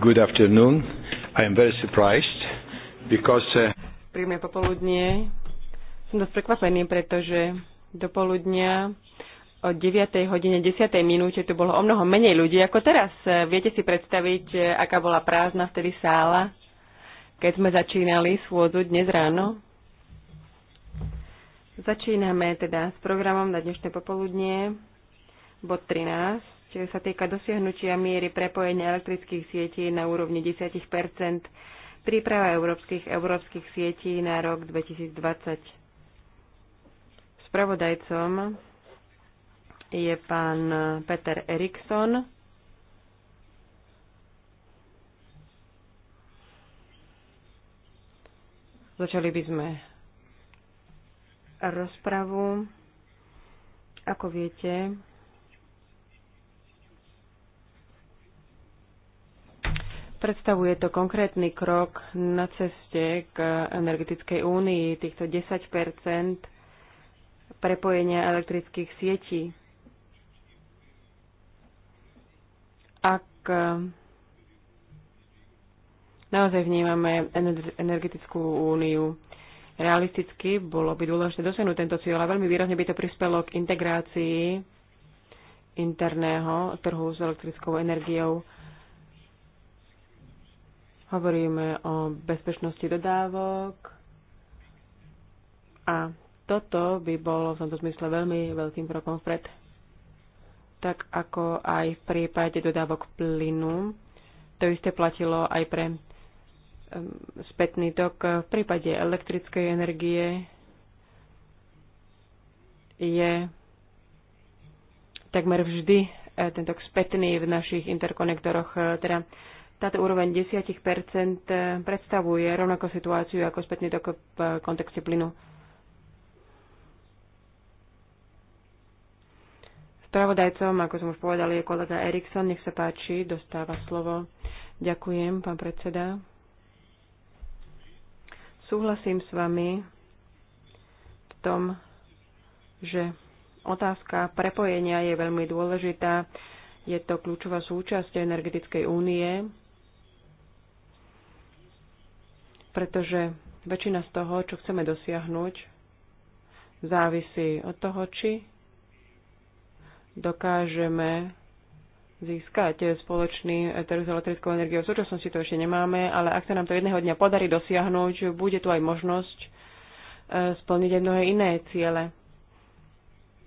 Good afternoon. I am very surprised because... Uh, Príjemné popoludnie. Som dosť prekvapený, pretože do poludnia o 9. hodine 10. minúte tu bolo o mnoho menej ľudí ako teraz. Viete si predstaviť, eh, aká bola prázdna vtedy sála, keď sme začínali schôdzu dnes ráno? Začíname teda s programom na dnešné popoludnie, bod 13 oblasť sa týka dosiahnutia miery prepojenia elektrických sietí na úrovni 10 príprava európskych európskych sietí na rok 2020. Spravodajcom je pán Peter Eriksson. Začali by sme rozpravu. Ako viete, Predstavuje to konkrétny krok na ceste k energetickej únii týchto 10 prepojenia elektrických sietí. Ak e, naozaj vnímame energetickú úniu realisticky, bolo by dôležité dosiahnuť tento cieľ a veľmi výrazne by to prispelo k integrácii interného trhu s elektrickou energiou Hovoríme o bezpečnosti dodávok a toto by bolo v tomto zmysle veľmi veľkým krokom vpred. Tak ako aj v prípade dodávok plynu, to isté platilo aj pre spätný tok v prípade elektrickej energie je takmer vždy e, tento spätný v našich interkonektoroch, e, teda táto úroveň 10 eh, predstavuje rovnakú situáciu ako spätný tok v kontexte plynu. Spravodajcom, ako som už povedal, je kolega Eriksson, Nech sa páči, dostáva slovo. Ďakujem, pán predseda. Súhlasím s vami v tom, že otázka prepojenia je veľmi dôležitá. Je to kľúčová súčasť energetickej únie pretože väčšina z toho, čo chceme dosiahnuť, závisí od toho, či dokážeme získať spoločný trh s elektrickou energiou. V súčasnosti to ešte nemáme, ale ak sa nám to jedného dňa podarí dosiahnuť, bude tu aj možnosť e, splniť aj mnohé iné ciele.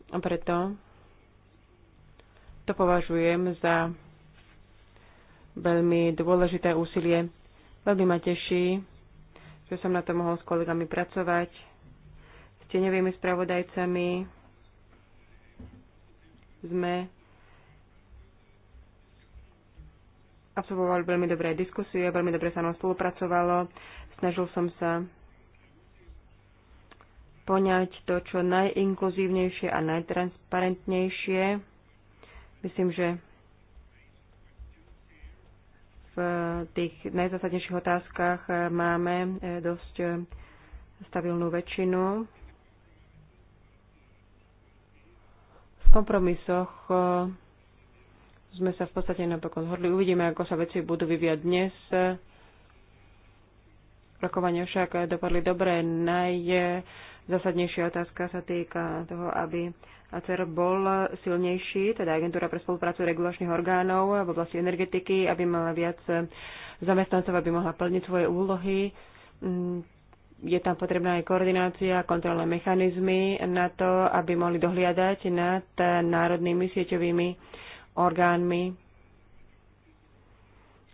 A preto to považujem za veľmi dôležité úsilie. Veľmi ma teší, že som na to mohol s kolegami pracovať, s tenevými spravodajcami. Sme absolvovali veľmi dobré diskusie, veľmi dobre sa nám spolupracovalo. Snažil som sa poňať to, čo najinkluzívnejšie a najtransparentnejšie. Myslím, že tých najzásadnejších otázkach eh, máme eh, dosť eh, stabilnú väčšinu. V kompromisoch sme sa v podstate napokon zhodli. Uvidíme, ako sa veci budú vyviať dnes. Rokovania však dopadli dobre. Najzásadnejšia otázka sa týka toho, aby ACER bol silnejší, teda Agentúra pre spoluprácu regulačných orgánov v oblasti energetiky, aby mala viac zamestnancov, aby mohla plniť svoje úlohy. Mm, je tam potrebná aj koordinácia, kontrolné mechanizmy na to, aby mohli dohliadať nad národnými sieťovými orgánmi.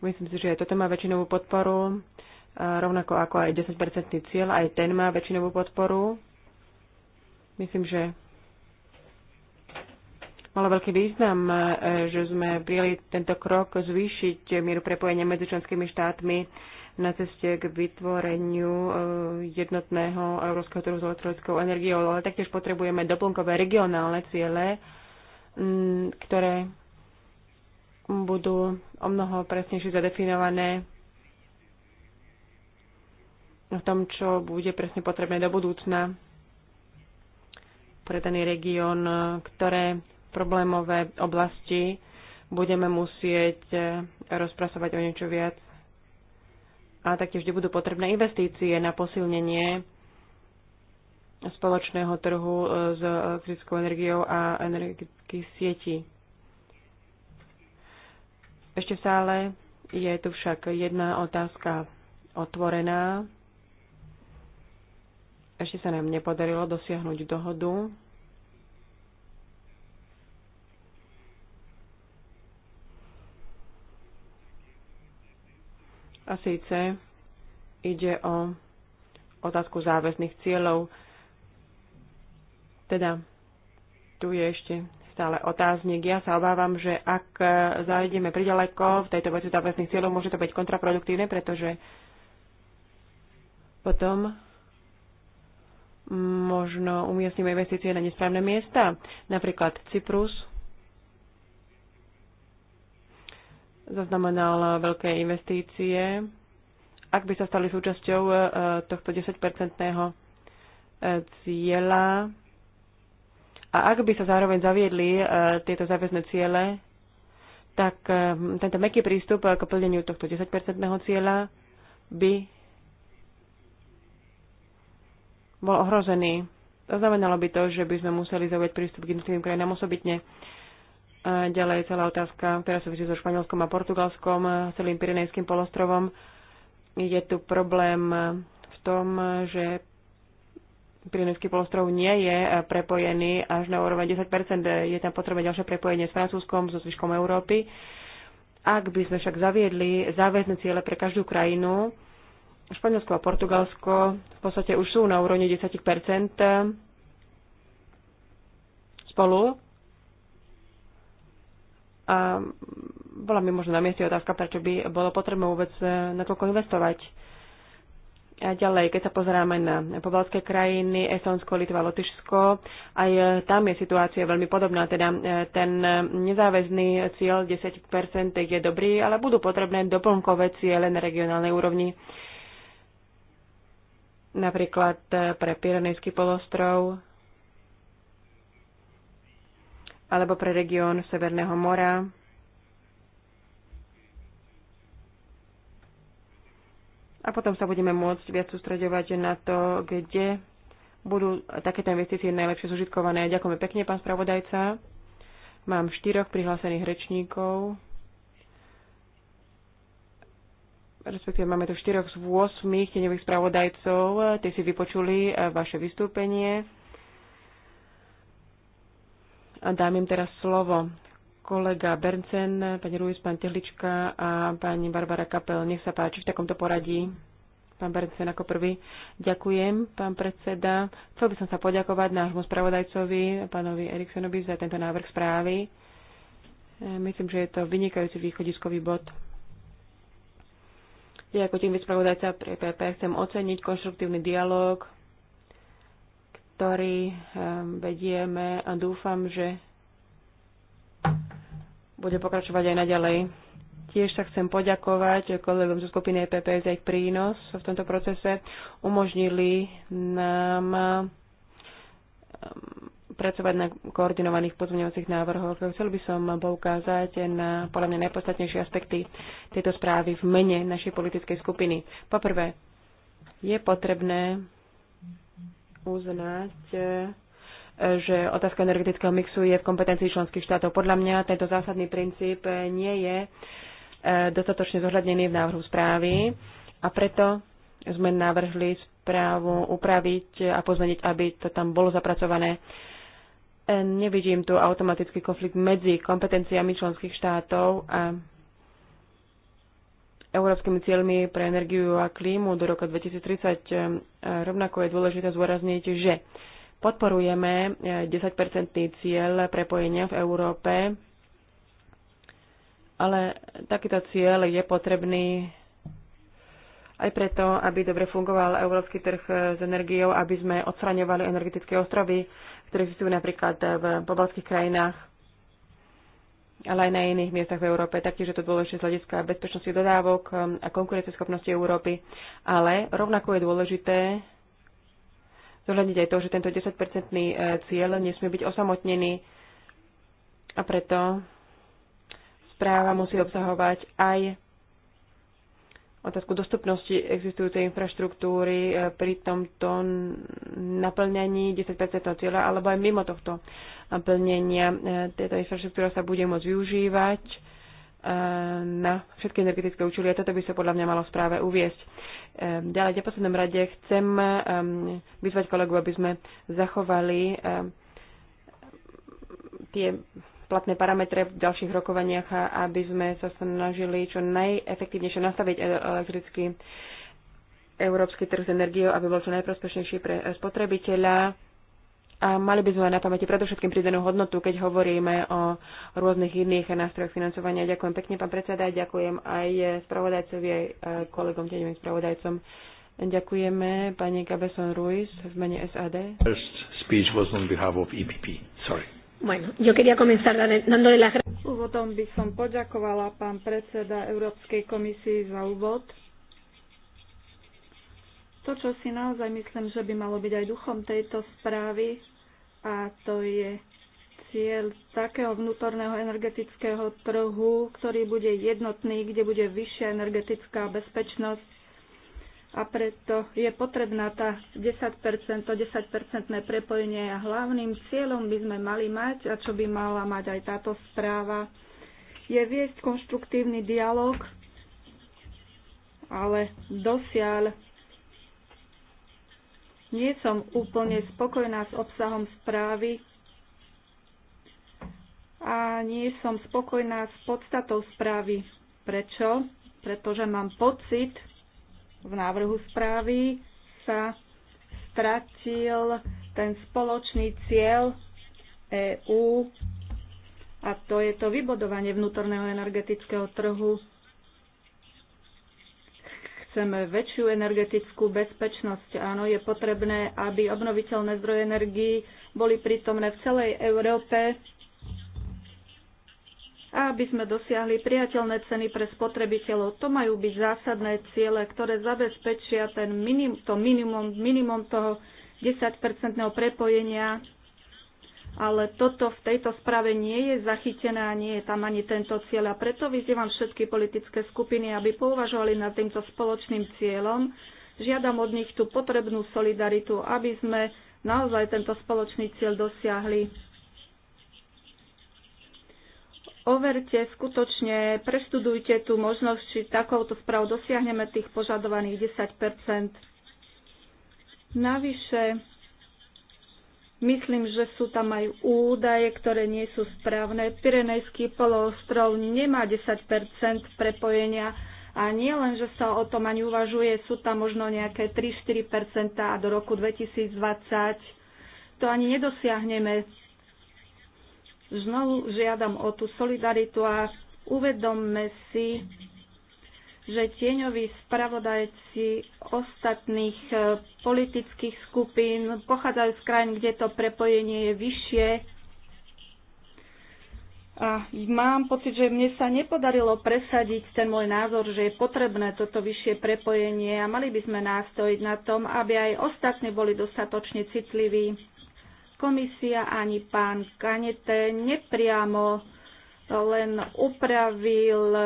Myslím si, že toto má väčšinovú podporu, rovnako ako aj 10-percentný cieľ, aj ten má väčšinovú podporu. Myslím, že malo veľký význam, e, že sme prijeli tento krok zvýšiť mieru prepojenia medzi členskými štátmi na ceste k vytvoreniu e, jednotného európskeho trhu s elektronickou energiou, ale taktiež potrebujeme doplnkové regionálne ciele, ktoré budú o mnoho presnejšie zadefinované v tom, čo bude presne potrebné do budúcna pre daný región, ktoré problémové oblasti budeme musieť e, rozpracovať o niečo viac. A taktiež vždy budú potrebné investície na posilnenie spoločného trhu e, s elektrickou energiou a energetických sietí. Ešte stále je tu však jedna otázka otvorená. Ešte sa nám nepodarilo dosiahnuť dohodu A síce ide o otázku záväzných cieľov. Teda tu je ešte stále otáznik. Ja sa obávam, že ak zajdeme priďaleko v tejto veci záväzných cieľov, môže to byť kontraproduktívne, pretože potom možno umiestnime investície na nesprávne miesta. Napríklad Cyprus zaznamenal veľké investície, ak by sa stali súčasťou e, tohto 10-percentného e, cieľa a ak by sa zároveň zaviedli e, tieto záväzné ciele, tak tento meký prístup k plneniu tohto 10-percentného cieľa by bol ohrozený. To znamenalo by to, že by sme museli zaujať prístup k jednotlivým krajinám osobitne. A ďalej celá otázka, ktorá súvisí so Španielskom a Portugalskom, celým Pirinejským polostrovom. Je tu problém v tom, že Pirinejský polostrov nie je prepojený až na úroveň 10 Je tam potrebné ďalšie prepojenie s Francúzskom, so zvyškom Európy. Ak by sme však zaviedli záväzne ciele pre každú krajinu, Španielsko a Portugalsko v podstate už sú na úrovni 10 spolu a bola mi možno na mieste otázka, prečo by bolo potrebné vôbec toľko e, investovať. A ďalej, keď sa pozeráme na pobalské krajiny, Estonsko, Litva, Lotyšsko, aj e, tam je situácia veľmi podobná. Teda e, ten nezáväzný cieľ 10% je dobrý, ale budú potrebné doplnkové ciele na regionálnej úrovni. Napríklad pre Pyrenejský polostrov alebo pre región Severného mora. A potom sa budeme môcť viac sústredovať na to, kde budú takéto investície najlepšie zužitkované. Ďakujeme pekne, pán spravodajca. Mám štyroch prihlásených rečníkov. Respektíve máme tu štyroch z 8 tieňových spravodajcov. Tie si vypočuli eh, vaše vystúpenie. A dám im teraz slovo kolega Berncen, pani Ruiz, pán Tehlička a pani Barbara Kapel. Nech sa páči v takomto poradí. Pán Berncen ako prvý. Ďakujem, pán predseda. Chcel by som sa poďakovať nášmu spravodajcovi, pánovi Eriksenovi, za tento návrh správy. E, myslím, že je to vynikajúci východiskový bod. Ja ako tým spravodajca pre PP chcem oceniť konštruktívny dialog ktorý ehm, vedieme a dúfam, že bude pokračovať aj naďalej. Tiež sa chcem poďakovať kolegom zo skupiny EPP za ich prínos v tomto procese. Umožnili nám ehm, pracovať na koordinovaných pozmeňovacích návrhoch. Chcel by som poukázať na podľa mňa najpodstatnejšie aspekty tejto správy v mene našej politickej skupiny. Poprvé, je potrebné uznať, e, že otázka energetického mixu je v kompetencii členských štátov. Podľa mňa tento zásadný princíp nie je e, dostatočne zohľadnený v návrhu správy a preto sme navrhli správu upraviť a pozmeniť, aby to tam bolo zapracované. E, nevidím tu automatický konflikt medzi kompetenciami členských štátov a európskymi cieľmi pre energiu a klímu do roka 2030. E, rovnako je dôležité zdôrazniť, že podporujeme 10-percentný e, cieľ prepojenia v Európe, ale takýto cieľ je potrebný aj preto, aby dobre fungoval európsky trh e, s energiou, aby sme odstraňovali energetické ostrovy, ktoré existujú napríklad v pobalských krajinách ale aj na iných miestach v Európe. Taktiež je to dôležité z hľadiska bezpečnosti dodávok um, a konkurencieschopnosti Európy. Ale rovnako je dôležité zohľadniť aj to, že tento 10-percentný e, cieľ nesmie byť osamotnený a preto správa musí obsahovať aj otázku dostupnosti existujúcej infraštruktúry e, pri tomto naplňaní 10% cieľa alebo aj mimo tohto naplnenia, e, táto infraštruktúra sa bude môcť využívať e, na všetky energetické účely a toto by sa podľa mňa malo v správe uviesť. Ďalej, v poslednom rade chcem vyzvať kolegu, aby sme zachovali tie platné parametre v ďalších rokovaniach, aby sme sa snažili čo najefektívnejšie nastaviť e, elektrický európsky trh s energiou, aby bol čo najprospešnejší pre e, spotrebiteľa. A mali by sme na pamäti predovšetkým pridanú hodnotu, keď hovoríme o rôznych iných nástrojoch financovania. Ďakujem pekne, pán predseda, ďakujem aj spravodajcovi, aj e, kolegom, tieňovým spravodajcom. Ďakujeme pani Gabeson Ruiz v mene SAD. First speech was on behalf of EPP. Sorry. Bueno, yo quería comenzar dándole las gracias. Úvodom by som poďakovala pán predseda Európskej komisii za úvod. To, čo si naozaj myslím, že by malo byť aj duchom tejto správy, a to je cieľ takého vnútorného energetického trhu, ktorý bude jednotný, kde bude vyššia energetická bezpečnosť a preto je potrebná tá 10%, to 10-percentné prepojenie a hlavným cieľom by sme mali mať, a čo by mala mať aj táto správa, je viesť konštruktívny dialog, ale dosiaľ nie som úplne spokojná s obsahom správy a nie som spokojná s podstatou správy. Prečo? Pretože mám pocit, v návrhu správy sa stratil ten spoločný cieľ EÚ a to je to vybodovanie vnútorného energetického trhu. Chceme väčšiu energetickú bezpečnosť. Áno, je potrebné, aby obnoviteľné zdroje energii boli prítomné v celej Európe a aby sme dosiahli priateľné ceny pre spotrebiteľov. To majú byť zásadné ciele, ktoré zabezpečia ten minim, to minimum, minimum toho 10-percentného prepojenia, ale toto v tejto správe nie je zachytené a nie je tam ani tento cieľ. A preto vyzývam všetky politické skupiny, aby pouvažovali nad týmto spoločným cieľom. Žiadam od nich tú potrebnú solidaritu, aby sme naozaj tento spoločný cieľ dosiahli overte skutočne, preštudujte tú možnosť, či takouto správou dosiahneme tých požadovaných 10 Navyše, myslím, že sú tam aj údaje, ktoré nie sú správne. Pirenejský poloostrov nemá 10 prepojenia a nie len, že sa o tom ani uvažuje, sú tam možno nejaké 3-4 a do roku 2020 to ani nedosiahneme Znovu žiadam o tú solidaritu a uvedomme si, že tieňoví spravodajci ostatných e, politických skupín pochádzajú z krajín, kde to prepojenie je vyššie. A mám pocit, že mne sa nepodarilo presadiť ten môj názor, že je potrebné toto vyššie prepojenie a mali by sme nástojiť na tom, aby aj ostatní boli dostatočne citliví komisia ani pán Kanete nepriamo len upravil e,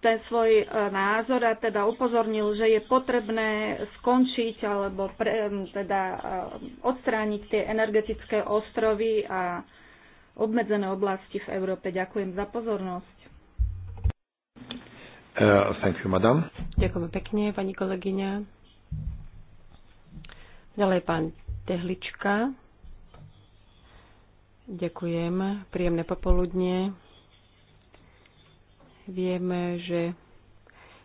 ten svoj e, názor a teda upozornil, že je potrebné skončiť alebo pre, e, teda odstrániť tie energetické ostrovy a obmedzené oblasti v Európe. Ďakujem za pozornosť. Uh, thank you, madam. Ďakujem pekne, pani kolegyňa. Ďalej pán Tehlička. Ďakujem. Príjemné popoludne. Vieme, že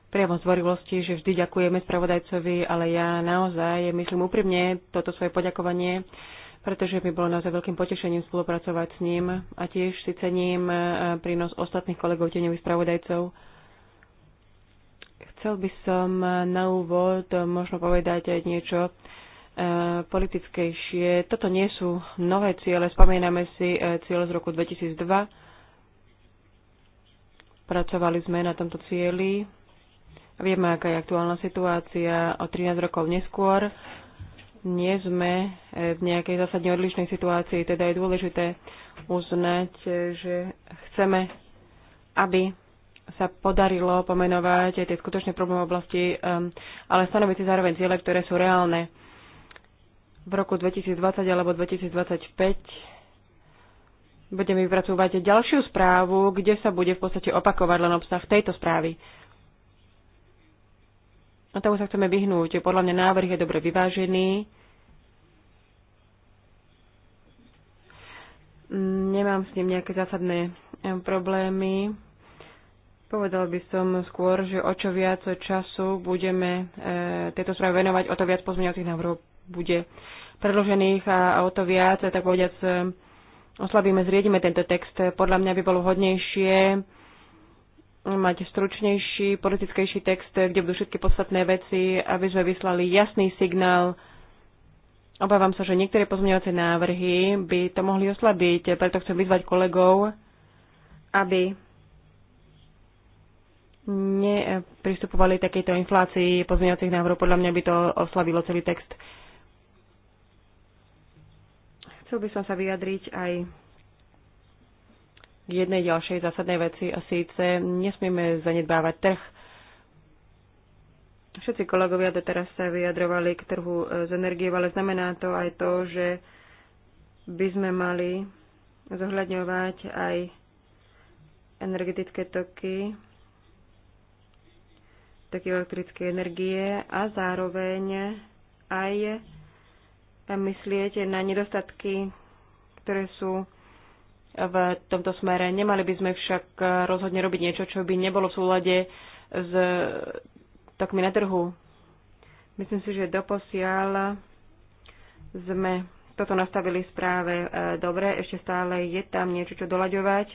priamo zvorilosti, že vždy ďakujeme spravodajcovi, ale ja naozaj myslím úprimne toto svoje poďakovanie, pretože mi bolo naozaj veľkým potešením spolupracovať s ním a tiež si cením e, prínos ostatných kolegov teňových spravodajcov. Chcel by som na úvod možno povedať aj niečo politickejšie. Toto nie sú nové ciele. Spomíname si e, cieľ z roku 2002. Pracovali sme na tomto cieli. Vieme, aká je aktuálna situácia. O 13 rokov neskôr nie sme e, v nejakej zásadne odlišnej situácii. Teda je dôležité uznať, e, že chceme, aby sa podarilo pomenovať aj tie skutočné problémy oblasti, ale stanoviť si zároveň ciele, ktoré sú reálne v roku 2020 alebo 2025 budeme vypracovať ďalšiu správu, kde sa bude v podstate opakovať len obsah tejto správy. A tomu sa chceme vyhnúť. Podľa mňa návrh je dobre vyvážený. Nemám s ním nejaké zásadné eh, problémy. Povedal by som skôr, že o čo viac času budeme e, eh, tieto správy venovať, o to viac pozmeňovacích návrhov bude predložených a, a o to viac, tak povediac, e, oslabíme, zriedime tento text. Podľa mňa by bolo hodnejšie mať stručnejší, politickejší text, kde budú všetky podstatné veci, aby sme vyslali jasný signál. Obávam sa, že niektoré pozmeňovacie návrhy by to mohli oslabiť, preto chcem vyzvať kolegov, aby nepristupovali takéto inflácii pozmeňovacích návrhov. Podľa mňa by to oslabilo celý text. Chcel by som sa vyjadriť aj k jednej ďalšej zásadnej veci a síce nesmieme zanedbávať trh. Všetci kolegovia doteraz sa vyjadrovali k trhu e, s energiou, ale znamená to aj to, že by sme mali zohľadňovať aj energetické toky, toky elektrické energie a zároveň aj myslieť na nedostatky, ktoré sú v tomto smere. Nemali by sme však rozhodne robiť niečo, čo by nebolo v súlade s tokmi na trhu. Myslím si, že doposiaľ sme toto nastavili správe e, dobre, ešte stále je tam niečo, čo doľaďovať.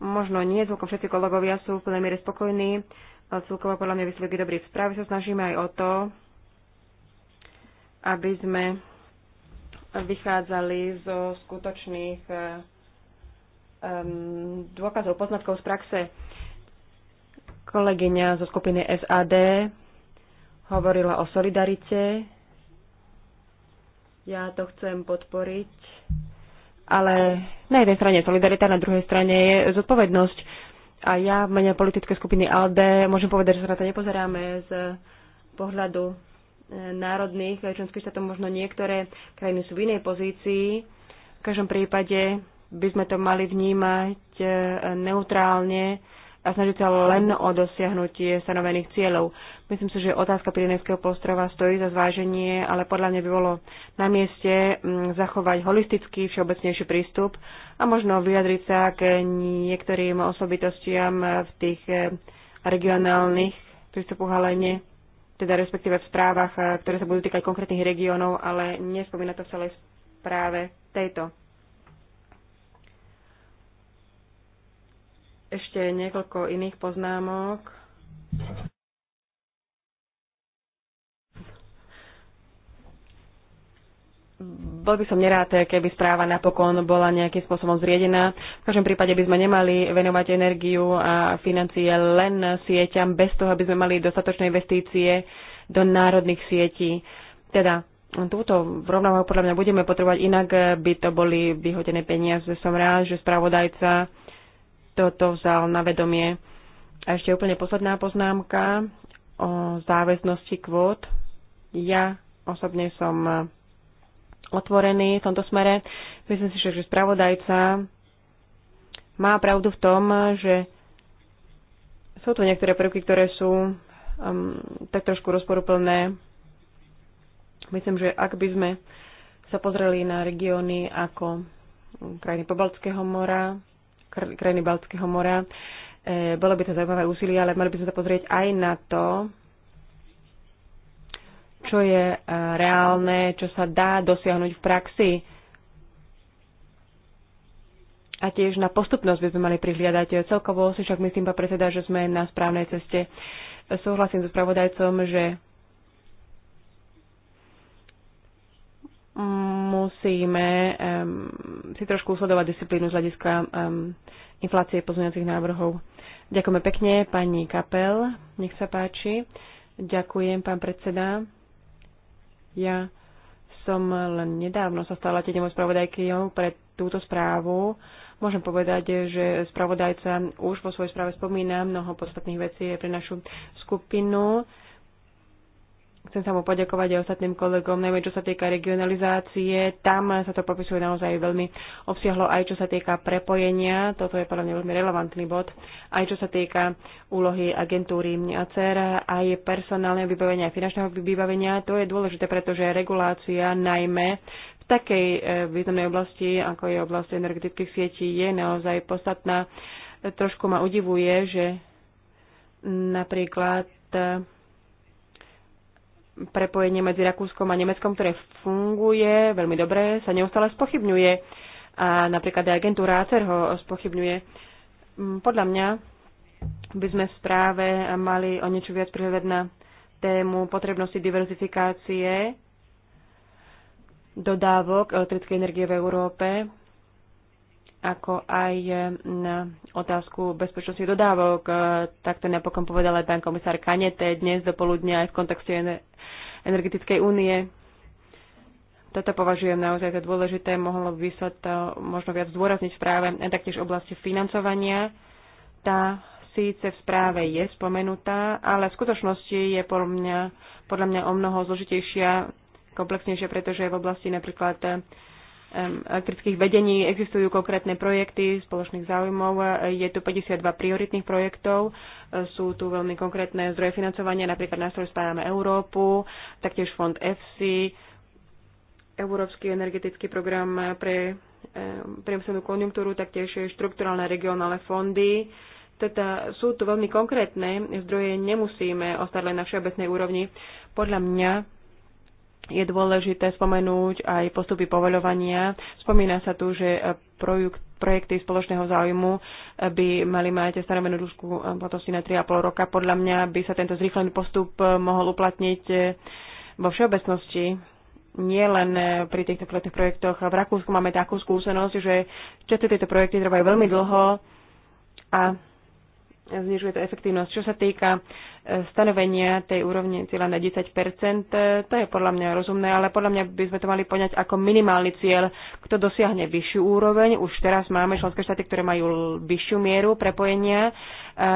Možno nie, celkom všetci kolegovia sú v plnej miere spokojní, ale celkovo podľa mňa výsledky dobrý. V sa snažíme aj o to, aby sme vychádzali zo skutočných um, dôkazov, poznatkov z praxe. Kolegyňa zo skupiny SAD hovorila o solidarite. Ja to chcem podporiť, ale na jednej strane solidarita, na druhej strane je zodpovednosť. A ja v mene politickej skupiny ALDE môžem povedať, že sa na to nepozeráme z pohľadu národných členských štátov, možno niektoré krajiny sú v inej pozícii. V každom prípade by sme to mali vnímať e, neutrálne a snažiť sa len o dosiahnutie stanovených cieľov. Myslím si, že otázka Pirinejského postrova stojí za zváženie, ale podľa mňa by bolo na mieste zachovať holistický, všeobecnejší prístup a možno vyjadriť sa k niektorým osobitostiam v tých e, regionálnych prístupoch, ale nie teda respektíve v správach, e, ktoré sa budú týkať konkrétnych regiónov, ale nespomína to v celej správe tejto. Ešte niekoľko iných poznámok. bol by som nerád, keby správa napokon bola nejakým spôsobom zriedená. V každom prípade by sme nemali venovať energiu a financie len sieťam, bez toho, aby sme mali dostatočné investície do národných sietí. Teda túto rovnováhu podľa mňa budeme potrebovať, inak by to boli vyhodené peniaze. Som rád, že spravodajca toto vzal na vedomie. A ešte úplne posledná poznámka o záväznosti kvót. Ja osobne som otvorený v tomto smere. Myslím si, že spravodajca má pravdu v tom, že sú tu niektoré prvky, ktoré sú um, tak trošku rozporuplné. Myslím, že ak by sme sa pozreli na regióny ako krajiny Pobaltského mora, krajiny Baltského mora, e, bolo by to zaujímavé úsilie, ale mali by sme sa pozrieť aj na to, čo je e, reálne, čo sa dá dosiahnuť v praxi. A tiež na postupnosť by sme mali prihliadať. Celkovo si však myslím, pán predseda, že sme na správnej ceste. Súhlasím so spravodajcom, že musíme um, si trošku usledovať disciplínu z hľadiska um, inflácie pozmeňacích návrhov. Ďakujeme pekne, pani Kapel, nech sa páči. Ďakujem, pán predseda. Ja som len nedávno sa stala tieňovou spravodajky pre túto správu. Môžem povedať, že spravodajca už vo svojej správe spomína mnoho podstatných vecí pre našu skupinu chcem sa mu poďakovať aj ostatným kolegom, najmä čo sa týka regionalizácie. Tam sa to popisuje naozaj veľmi obsiahlo aj čo sa týka prepojenia, toto je podľa mňa veľmi relevantný bod, aj čo sa týka úlohy agentúry a CER, aj personálneho vybavenia, aj finančného vybavenia. To je dôležité, pretože regulácia najmä v takej e, významnej oblasti, ako je oblast energetických sietí, je naozaj podstatná. Trošku ma udivuje, že napríklad prepojenie medzi Rakúskom a Nemeckom, ktoré funguje veľmi dobre, sa neustále spochybňuje. A napríklad aj agentúra ACER ho spochybňuje. Mm, podľa mňa by sme v správe mali o niečo viac prihľadať na tému potrebnosti diverzifikácie dodávok elektrickej energie v Európe ako aj eh, na otázku bezpečnosti dodávok. Eh, tak to napokon povedal aj pán komisár Kanete dnes do poludnia aj v kontexte energetickej únie. Toto považujem naozaj za dôležité, mohlo by sa to možno viac zdôrazniť v správe, a taktiež v oblasti financovania. Tá síce v správe je spomenutá, ale v skutočnosti je podľa mňa, podľa mňa o mnoho zložitejšia, komplexnejšia, pretože v oblasti napríklad eh, Elektrických vedení existujú konkrétne projekty spoločných záujmov. Je tu 52 prioritných projektov. Sú tu veľmi konkrétne zdroje financovania, napríklad nástroj Spájame Európu, taktiež fond EFSI, Európsky energetický program pre priemyselnú konjunktúru, taktiež štrukturálne regionálne fondy. Teda sú tu veľmi konkrétne zdroje, nemusíme ostať len na všeobecnej úrovni. Podľa mňa je dôležité spomenúť aj postupy povoľovania. Spomína sa tu, že projekty spoločného záujmu by mali mať stanovenú dĺžku platnosti na 3,5 roka. Podľa mňa by sa tento zrýchlený postup mohol uplatniť vo všeobecnosti nie len pri týchto pilotných projektoch. V Rakúsku máme takú skúsenosť, že často tieto projekty trvajú veľmi dlho a znižuje to efektívnosť. Čo sa týka e, stanovenia tej úrovne cieľa na 10 e, to je podľa mňa rozumné, ale podľa mňa by sme to mali poňať ako minimálny cieľ. Kto dosiahne vyššiu úroveň, už teraz máme členské štáty, ktoré majú vyššiu mieru prepojenia, e,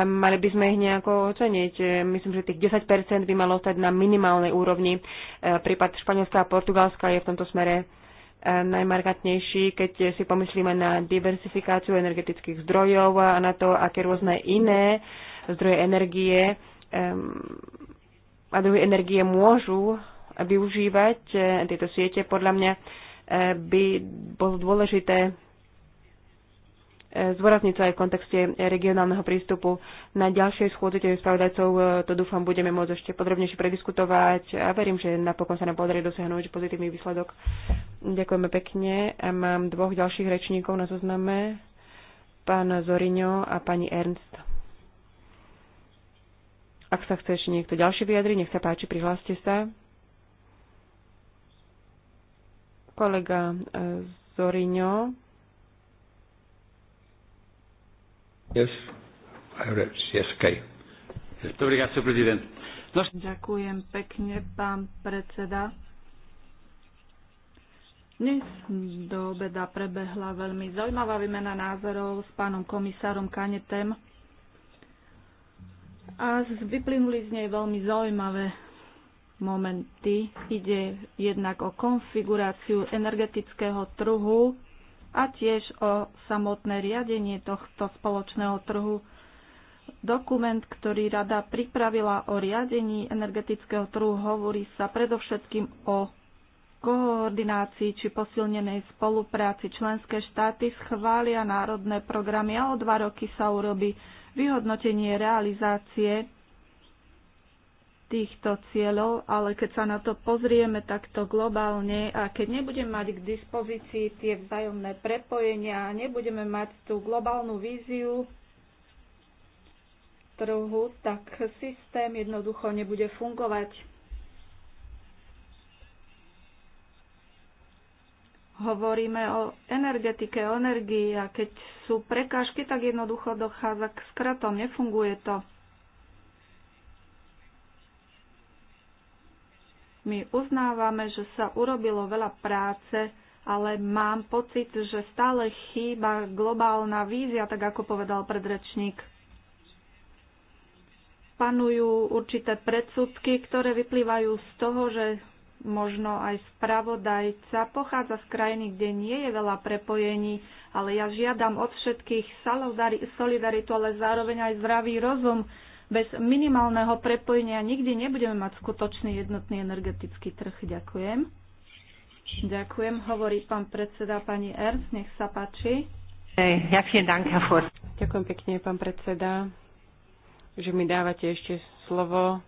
mali by sme ich nejako oceniť. Myslím, že tých 10 by malo stať na minimálnej úrovni. Prípad Španielska a Portugalska je v tomto smere najmarkantnejší, keď si pomyslíme na diversifikáciu energetických zdrojov a na to, aké rôzne iné zdroje energie a druhé energie môžu využívať e, tieto siete. Podľa mňa e, by bolo dôležité zvorazniť to aj v kontexte regionálneho prístupu. Na ďalšej schôdze tých spravodajcov e, to dúfam budeme môcť ešte podrobnejšie prediskutovať a verím, že napokon sa nám podarí dosiahnuť pozitívny výsledok. Ďakujeme pekne. Mám dvoch ďalších rečníkov na zozname. Pán Zoriňo a pani Ernst. Ak sa chce ešte niekto ďalší vyjadriť, nech sa páči, prihláste sa. Kolega e, Zoriňo. No, Ďakujem pekne, pán predseda. Dnes do obeda prebehla veľmi zaujímavá výmena názorov s pánom komisárom Kanetem a vyplynuli z nej veľmi zaujímavé momenty. Ide jednak o konfiguráciu energetického trhu a tiež o samotné riadenie tohto spoločného trhu. Dokument, ktorý rada pripravila o riadení energetického trhu, hovorí sa predovšetkým o koordinácii či posilnenej spolupráci. Členské štáty schvália národné programy a o dva roky sa urobí vyhodnotenie realizácie týchto cieľov, ale keď sa na to pozrieme takto globálne a keď nebudeme mať k dispozícii tie vzájomné prepojenia, a nebudeme mať tú globálnu víziu trhu, tak systém jednoducho nebude fungovať. Hovoríme o energetike, o energii a keď sú prekážky, tak jednoducho dochádza k skratom, nefunguje to. My uznávame, že sa urobilo veľa práce, ale mám pocit, že stále chýba globálna vízia, tak ako povedal predrečník. Panujú určité predsudky, ktoré vyplývajú z toho, že možno aj spravodajca pochádza z krajiny, kde nie je veľa prepojení, ale ja žiadam od všetkých solidaritu, ale zároveň aj zdravý rozum, bez minimálneho prepojenia nikdy nebudeme mať skutočný jednotný energetický trh. Ďakujem. Ďakujem, hovorí pán predseda pani Ernst, nech sa páči. Ďakujem pekne, pán predseda, že mi dávate ešte slovo.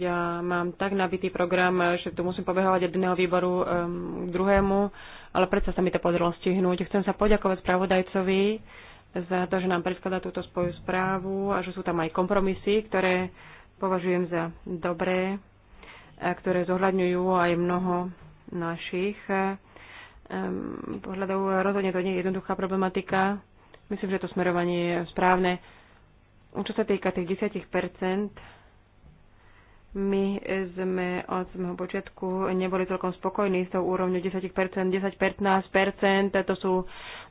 Ja mám tak nabitý program, že tu musím pobehovať od jedného výboru k druhému ale predsa sa mi to podarilo stihnúť. Chcem sa poďakovať spravodajcovi za to, že nám predkladá túto spoju správu a že sú tam aj kompromisy, ktoré považujem za dobré, a ktoré zohľadňujú aj mnoho našich ehm, pohľadov. Rozhodne to nie je jednoduchá problematika. Myslím, že to smerovanie je správne. Čo sa týka tých 10 my sme od samého počiatku neboli celkom spokojní s tou úrovňou 10%, 10-15%, to sú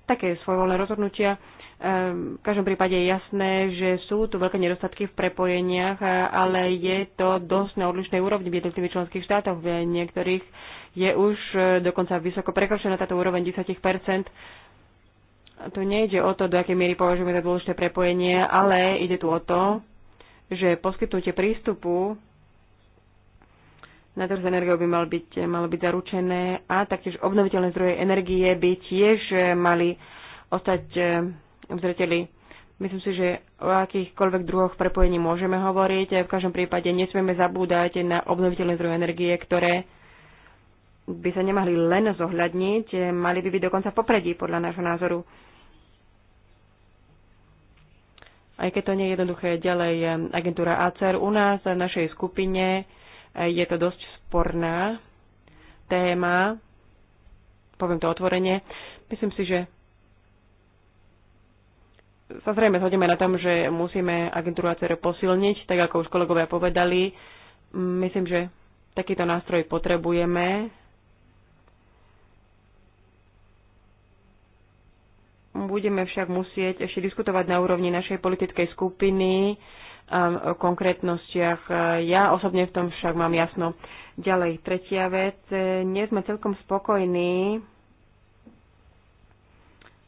také svojvoľné rozhodnutia. Ehm, v každom prípade je jasné, že sú tu veľké nedostatky v prepojeniach, ale je to dosť na odlišnej úrovni v jednotlivých členských štátoch. V niektorých je už e, dokonca vysoko prekročená táto úroveň 10%. Tu nejde o to, do akej miery považujeme za dôležité prepojenie, ale ide tu o to, že poskytnutie prístupu na trh s energiou by mal byť, malo byť zaručené a taktiež obnoviteľné zdroje energie by tiež eh, mali ostať eh, v zreteli. Myslím si, že o akýchkoľvek druhoch prepojení môžeme hovoriť. V každom prípade nesmieme zabúdať na obnoviteľné zdroje energie, ktoré by sa nemali len zohľadniť, mali by byť dokonca popredí podľa nášho názoru. Aj keď to nie je jednoduché, ďalej eh, agentúra ACER u nás v našej skupine je to dosť sporná téma, poviem to otvorene. Myslím si, že sa zrejme zhodneme na tom, že musíme agentúru ACR posilniť, tak ako už kolegovia povedali. Myslím, že takýto nástroj potrebujeme. Budeme však musieť ešte diskutovať na úrovni našej politickej skupiny o konkrétnostiach. Ja osobne v tom však mám jasno. Ďalej, tretia vec. E, nie sme celkom spokojní.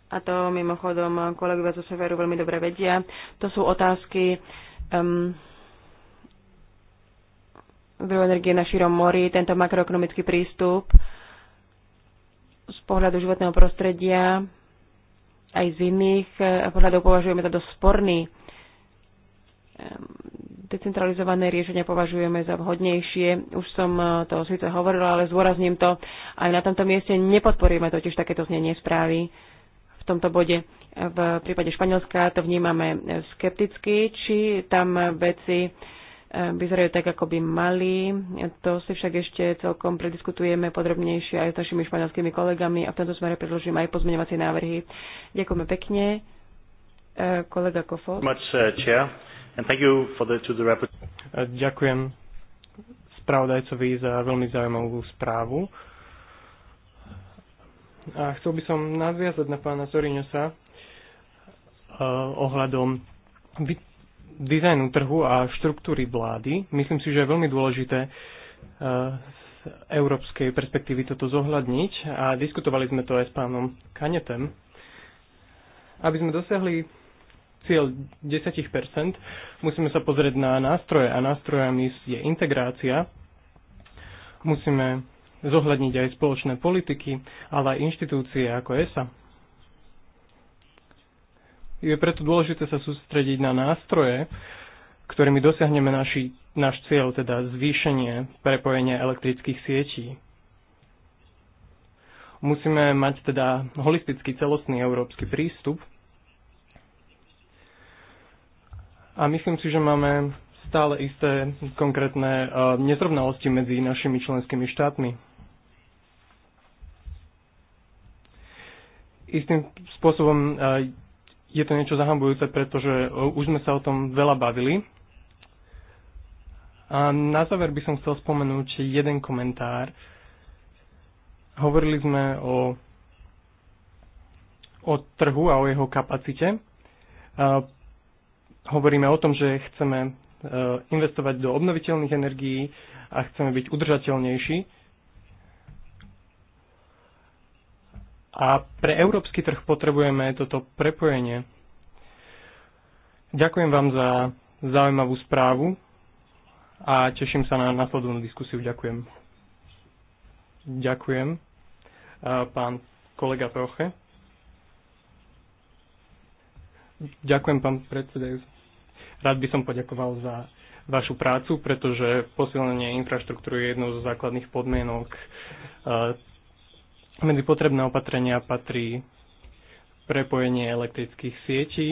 A to mimochodom kolegovia zo severu veľmi dobre vedia. To sú otázky um, zdrojov energie na širom mori, tento makroekonomický prístup z pohľadu životného prostredia aj z iných pohľadov považujeme to dosť sporný decentralizované riešenia považujeme za vhodnejšie. Už som eh, to síce hovorila, ale zôrazním to. Aj na tomto mieste nepodporíme totiž takéto znenie správy v tomto bode. V prípade Španielska to vnímame eh, skepticky, či tam veci eh, vyzerajú tak, ako by mali. To si však ešte celkom prediskutujeme podrobnejšie aj s našimi španielskými kolegami a v tomto smere predložím aj pozmeňovacie návrhy. Ďakujeme pekne. Kolega Kofo. Much, uh, And thank you for the, to the Ďakujem spravodajcovi za veľmi zaujímavú správu. A chcel by som nadviazať na pána Zoriňosa e, ohľadom dizajnu trhu a štruktúry vlády. Myslím si, že je veľmi dôležité e, z európskej perspektívy toto zohľadniť a diskutovali sme to aj s pánom Kanetem. Aby sme dosiahli cieľ 10%, musíme sa pozrieť na nástroje a nástrojami je integrácia. Musíme zohľadniť aj spoločné politiky, ale aj inštitúcie ako ESA. Je preto dôležité sa sústrediť na nástroje, ktorými dosiahneme naši, náš cieľ, teda zvýšenie prepojenia elektrických sietí. Musíme mať teda holistický celostný európsky prístup a myslím si, že máme stále isté konkrétne eh, nezrovnalosti medzi našimi členskými štátmi. Istým spôsobom eh, je to niečo zahambujúce, pretože eh, už sme sa o tom veľa bavili. A na záver by som chcel spomenúť jeden komentár. Hovorili sme o, o trhu a o jeho kapacite hovoríme o tom, že chceme e, investovať do obnoviteľných energií a chceme byť udržateľnejší. A pre európsky trh potrebujeme toto prepojenie. Ďakujem vám za zaujímavú správu a teším sa na následovnú diskusiu. Ďakujem. Ďakujem. E, pán kolega Proche. Ďakujem, pán predsedajúci. Rád by som poďakoval za vašu prácu, pretože posilnenie infraštruktúry je jednou zo základných podmienok. E, medzi potrebné opatrenia patrí prepojenie elektrických sietí,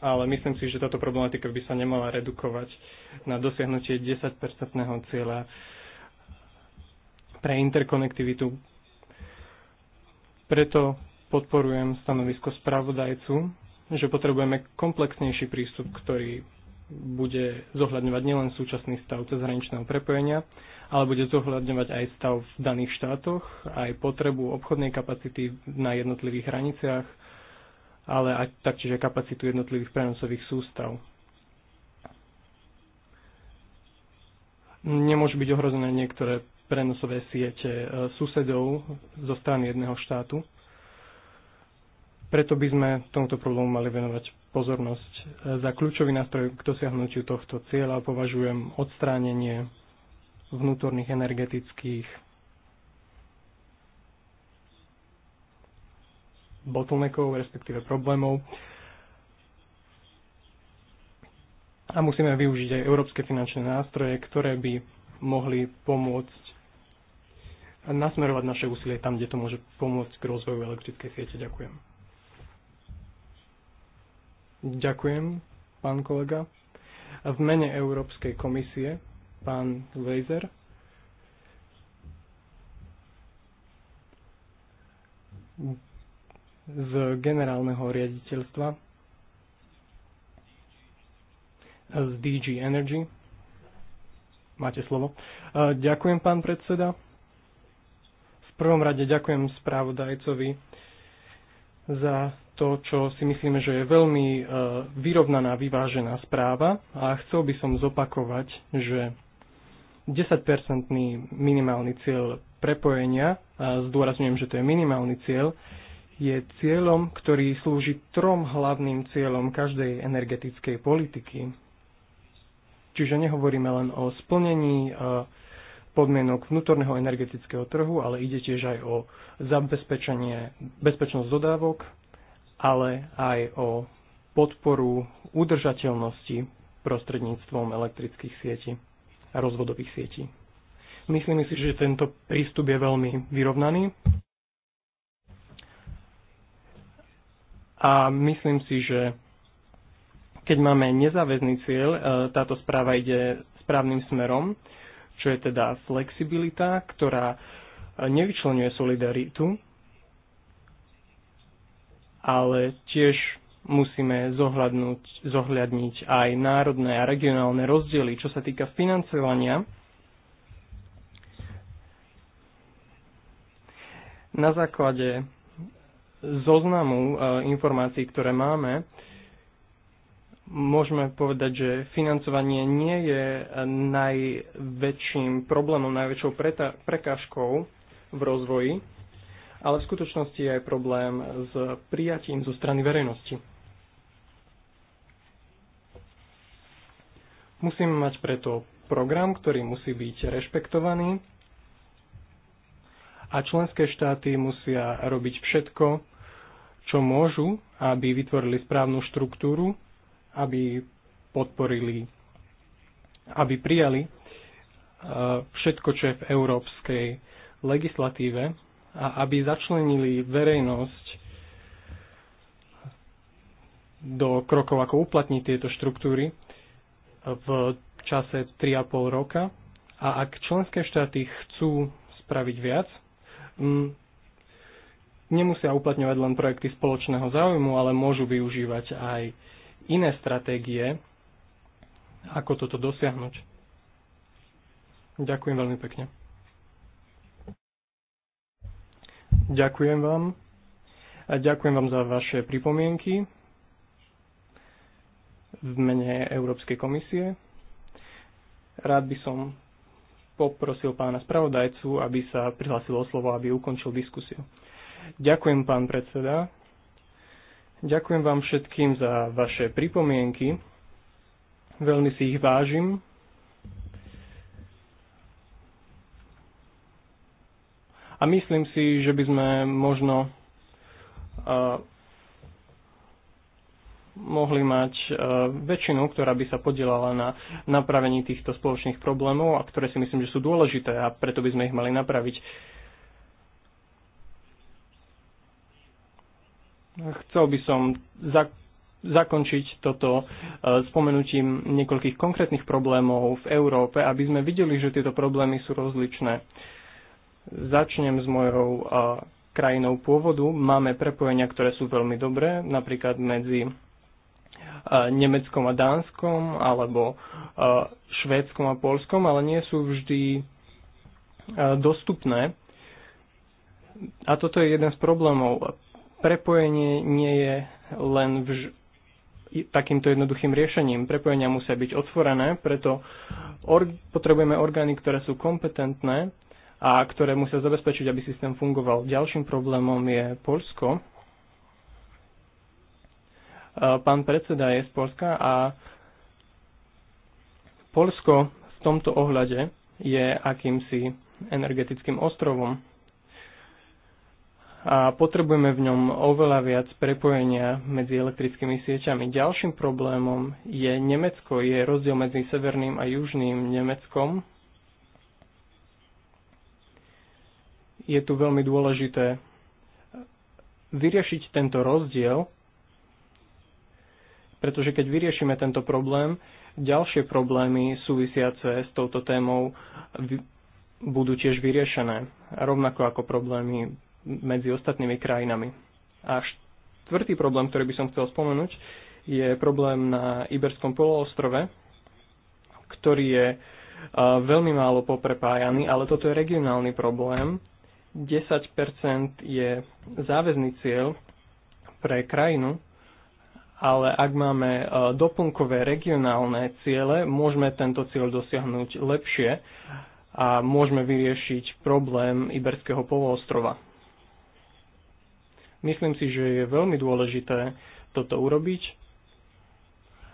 ale myslím si, že táto problematika by sa nemala redukovať na dosiahnutie 10-percentného cieľa pre interkonektivitu. Preto podporujem stanovisko spravodajcu, že potrebujeme komplexnejší prístup, ktorý bude zohľadňovať nielen súčasný stav cezhraničného prepojenia, ale bude zohľadňovať aj stav v daných štátoch, aj potrebu obchodnej kapacity na jednotlivých hraniciach, ale aj taktiež aj kapacitu jednotlivých prenosových sústav. Nemôžu byť ohrozené niektoré prenosové siete eh, susedov zo strany jedného štátu. Preto by sme tomuto problému mali venovať pozornosť. E, za kľúčový nástroj k dosiahnutiu tohto cieľa považujem odstránenie vnútorných energetických bottleneckov, respektíve problémov. A musíme využiť aj európske finančné nástroje, ktoré by mohli pomôcť nasmerovať naše úsilie tam, kde to môže pomôcť k rozvoju elektrickej siete. Ďakujem. Ďakujem, pán kolega. A v mene Európskej komisie, pán Weiser. z generálneho riaditeľstva z DG Energy. Máte slovo. Ďakujem, pán predseda. V prvom rade ďakujem správodajcovi za to, čo si myslíme, že je veľmi e, vyrovnaná, vyvážená správa a chcel by som zopakovať, že 10-percentný minimálny cieľ prepojenia, a zdôrazňujem, že to je minimálny cieľ, je cieľom, ktorý slúži trom hlavným cieľom každej energetickej politiky. Čiže nehovoríme len o splnení e, podmienok vnútorného energetického trhu, ale ide tiež aj o zabezpečenie, bezpečnosť dodávok, ale aj o podporu udržateľnosti prostredníctvom elektrických sietí a rozvodových sietí. Myslím si, že tento prístup je veľmi vyrovnaný a myslím si, že keď máme nezáväzný cieľ, e, táto správa ide správnym smerom, čo je teda flexibilita, ktorá nevyčlenuje solidaritu, ale tiež musíme zohľadnúť, zohľadniť aj národné a regionálne rozdiely, čo sa týka financovania. Na základe zoznamu e, informácií, ktoré máme, môžeme povedať, že financovanie nie je najväčším problémom, najväčšou prekážkou v rozvoji ale v skutočnosti je aj problém s prijatím zo strany verejnosti. Musíme mať preto program, ktorý musí byť rešpektovaný a členské štáty musia robiť všetko, čo môžu, aby vytvorili správnu štruktúru, aby podporili, aby prijali eh, všetko, čo je v európskej legislatíve a aby začlenili verejnosť do krokov, ako uplatniť tieto štruktúry v čase 3,5 roka. A ak členské štáty chcú spraviť viac, mm, nemusia uplatňovať len projekty spoločného záujmu, ale môžu využívať aj iné stratégie, ako toto dosiahnuť. Ďakujem veľmi pekne. Ďakujem vám. A ďakujem vám za vaše pripomienky v mene Európskej komisie. Rád by som poprosil pána spravodajcu, aby sa prihlásil o slovo, aby ukončil diskusiu. Ďakujem, pán predseda. Ďakujem vám všetkým za vaše pripomienky. Veľmi si ich vážim A myslím si, že by sme možno uh, mohli mať uh, väčšinu, ktorá by sa podielala na napravení týchto spoločných problémov a ktoré si myslím, že sú dôležité a preto by sme ich mali napraviť. Chcel by som zak- zakončiť toto spomenutím niekoľkých konkrétnych problémov v Európe, aby sme videli, že tieto problémy sú rozličné. Začnem s mojou krajinou pôvodu. Máme prepojenia, ktoré sú veľmi dobré, napríklad medzi Nemeckom a Dánskom, alebo Švédskom a Polskom, ale nie sú vždy dostupné. A toto je jeden z problémov. Prepojenie nie je len vž- takýmto jednoduchým riešením. Prepojenia musia byť otvorené, preto or- potrebujeme orgány, ktoré sú kompetentné a ktoré musia zabezpečiť, aby systém fungoval. Ďalším problémom je Polsko. E, pán predseda je z Polska a Polsko v tomto ohľade je akýmsi energetickým ostrovom a potrebujeme v ňom oveľa viac prepojenia medzi elektrickými sieťami. Ďalším problémom je Nemecko, je rozdiel medzi severným a južným Nemeckom je tu veľmi dôležité vyriešiť tento rozdiel, pretože keď vyriešime tento problém, ďalšie problémy súvisiace s touto témou budú tiež vyriešené, rovnako ako problémy medzi ostatnými krajinami. A štvrtý problém, ktorý by som chcel spomenúť, je problém na Iberskom poloostrove, ktorý je veľmi málo poprepájaný, ale toto je regionálny problém, 10% je záväzný cieľ pre krajinu, ale ak máme e, doplnkové regionálne ciele, môžeme tento cieľ dosiahnuť lepšie a môžeme vyriešiť problém Iberského poloostrova. Myslím si, že je veľmi dôležité toto urobiť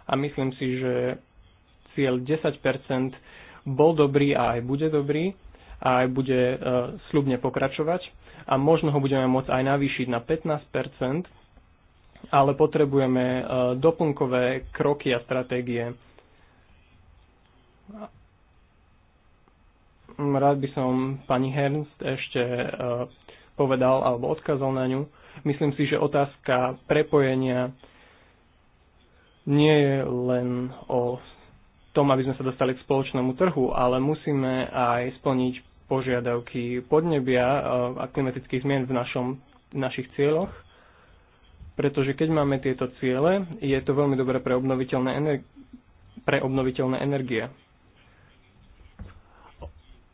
a myslím si, že cieľ 10% bol dobrý a aj bude dobrý a aj bude e, slubne pokračovať a možno ho budeme môcť aj navýšiť na 15 ale potrebujeme e, doplnkové kroky a stratégie. Rád by som pani Hernst ešte e, povedal alebo odkazal na ňu. Myslím si, že otázka prepojenia nie je len o tom, aby sme sa dostali k spoločnému trhu, ale musíme aj splniť požiadavky podnebia a klimatických zmien v, našom, v našich cieľoch, pretože keď máme tieto ciele, je to veľmi dobré pre obnoviteľné, ener- pre obnoviteľné energie.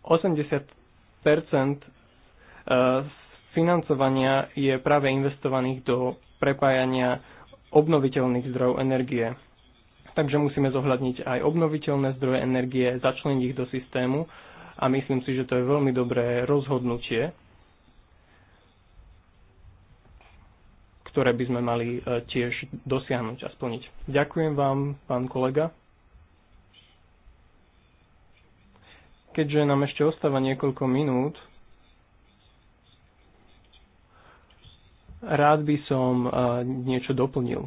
80 e, financovania je práve investovaných do prepájania obnoviteľných zdrojov energie. Takže musíme zohľadniť aj obnoviteľné zdroje energie, začleniť ich do systému a myslím si, že to je veľmi dobré rozhodnutie, ktoré by sme mali e, tiež dosiahnuť a splniť. Ďakujem vám, pán kolega. Keďže nám ešte ostáva niekoľko minút, rád by som e, niečo doplnil.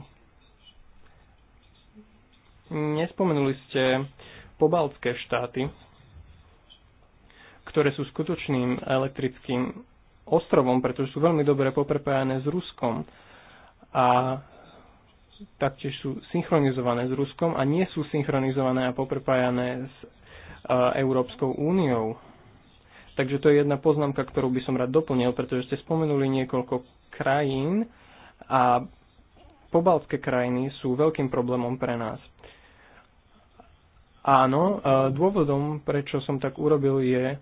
Nespomenuli ste pobaltské štáty ktoré sú skutočným elektrickým ostrovom, pretože sú veľmi dobre poprepájane s Ruskom a taktiež sú synchronizované s Ruskom a nie sú synchronizované a poprepájané s e, Európskou úniou. Takže to je jedna poznámka, ktorú by som rád doplnil, pretože ste spomenuli niekoľko krajín a pobaltské krajiny sú veľkým problémom pre nás. Áno, e, dôvodom, prečo som tak urobil, je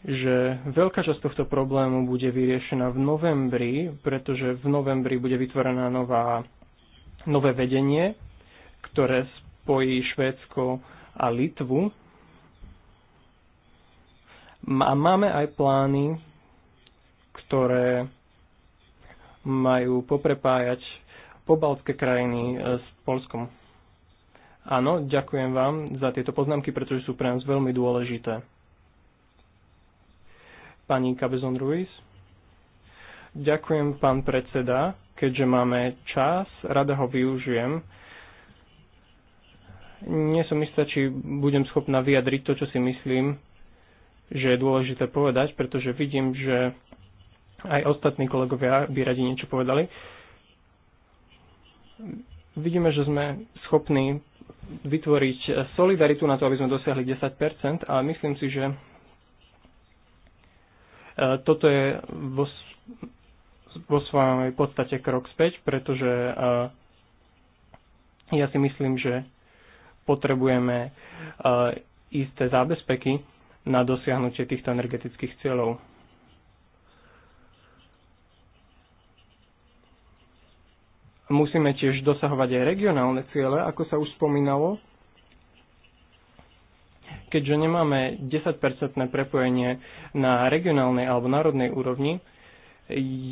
že veľká časť tohto problému bude vyriešená v novembri, pretože v novembri bude vytvorená nová, nové vedenie, ktoré spojí Švédsko a Litvu. A máme aj plány, ktoré majú poprepájať pobaltské krajiny e, s Polskom. Áno, ďakujem vám za tieto poznámky, pretože sú pre nás veľmi dôležité. Pani Cabezon Ruiz. Ďakujem, pán predseda. Keďže máme čas, rada ho využijem. Nie som istá, či budem schopná vyjadriť to, čo si myslím, že je dôležité povedať, pretože vidím, že aj ostatní kolegovia by radi niečo povedali. Vidíme, že sme schopní vytvoriť solidaritu na to, aby sme dosiahli 10%, ale myslím si, že E, toto je vo, vo svojej podstate krok späť, pretože e, ja si myslím, že potrebujeme e, isté zábezpeky na dosiahnutie týchto energetických cieľov. Musíme tiež dosahovať aj regionálne ciele, ako sa už spomínalo, keďže nemáme 10-percentné prepojenie na regionálnej alebo národnej úrovni,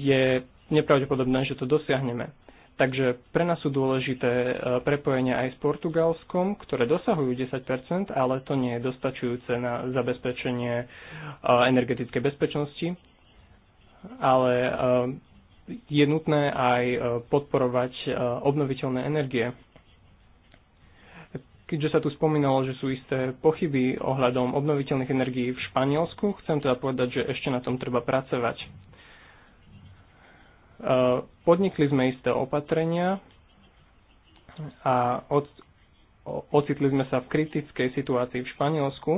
je nepravdepodobné, že to dosiahneme. Takže pre nás sú dôležité e, prepojenia aj s Portugalskom, ktoré dosahujú 10%, ale to nie je dostačujúce na zabezpečenie e, energetickej bezpečnosti. Ale e, je nutné aj podporovať obnoviteľné energie. Keďže sa tu spomínalo, že sú isté pochyby ohľadom obnoviteľných energií v Španielsku, chcem teda povedať, že ešte na tom treba pracovať. E, podnikli sme isté opatrenia a od, ocitli sme sa v kritickej situácii v Španielsku,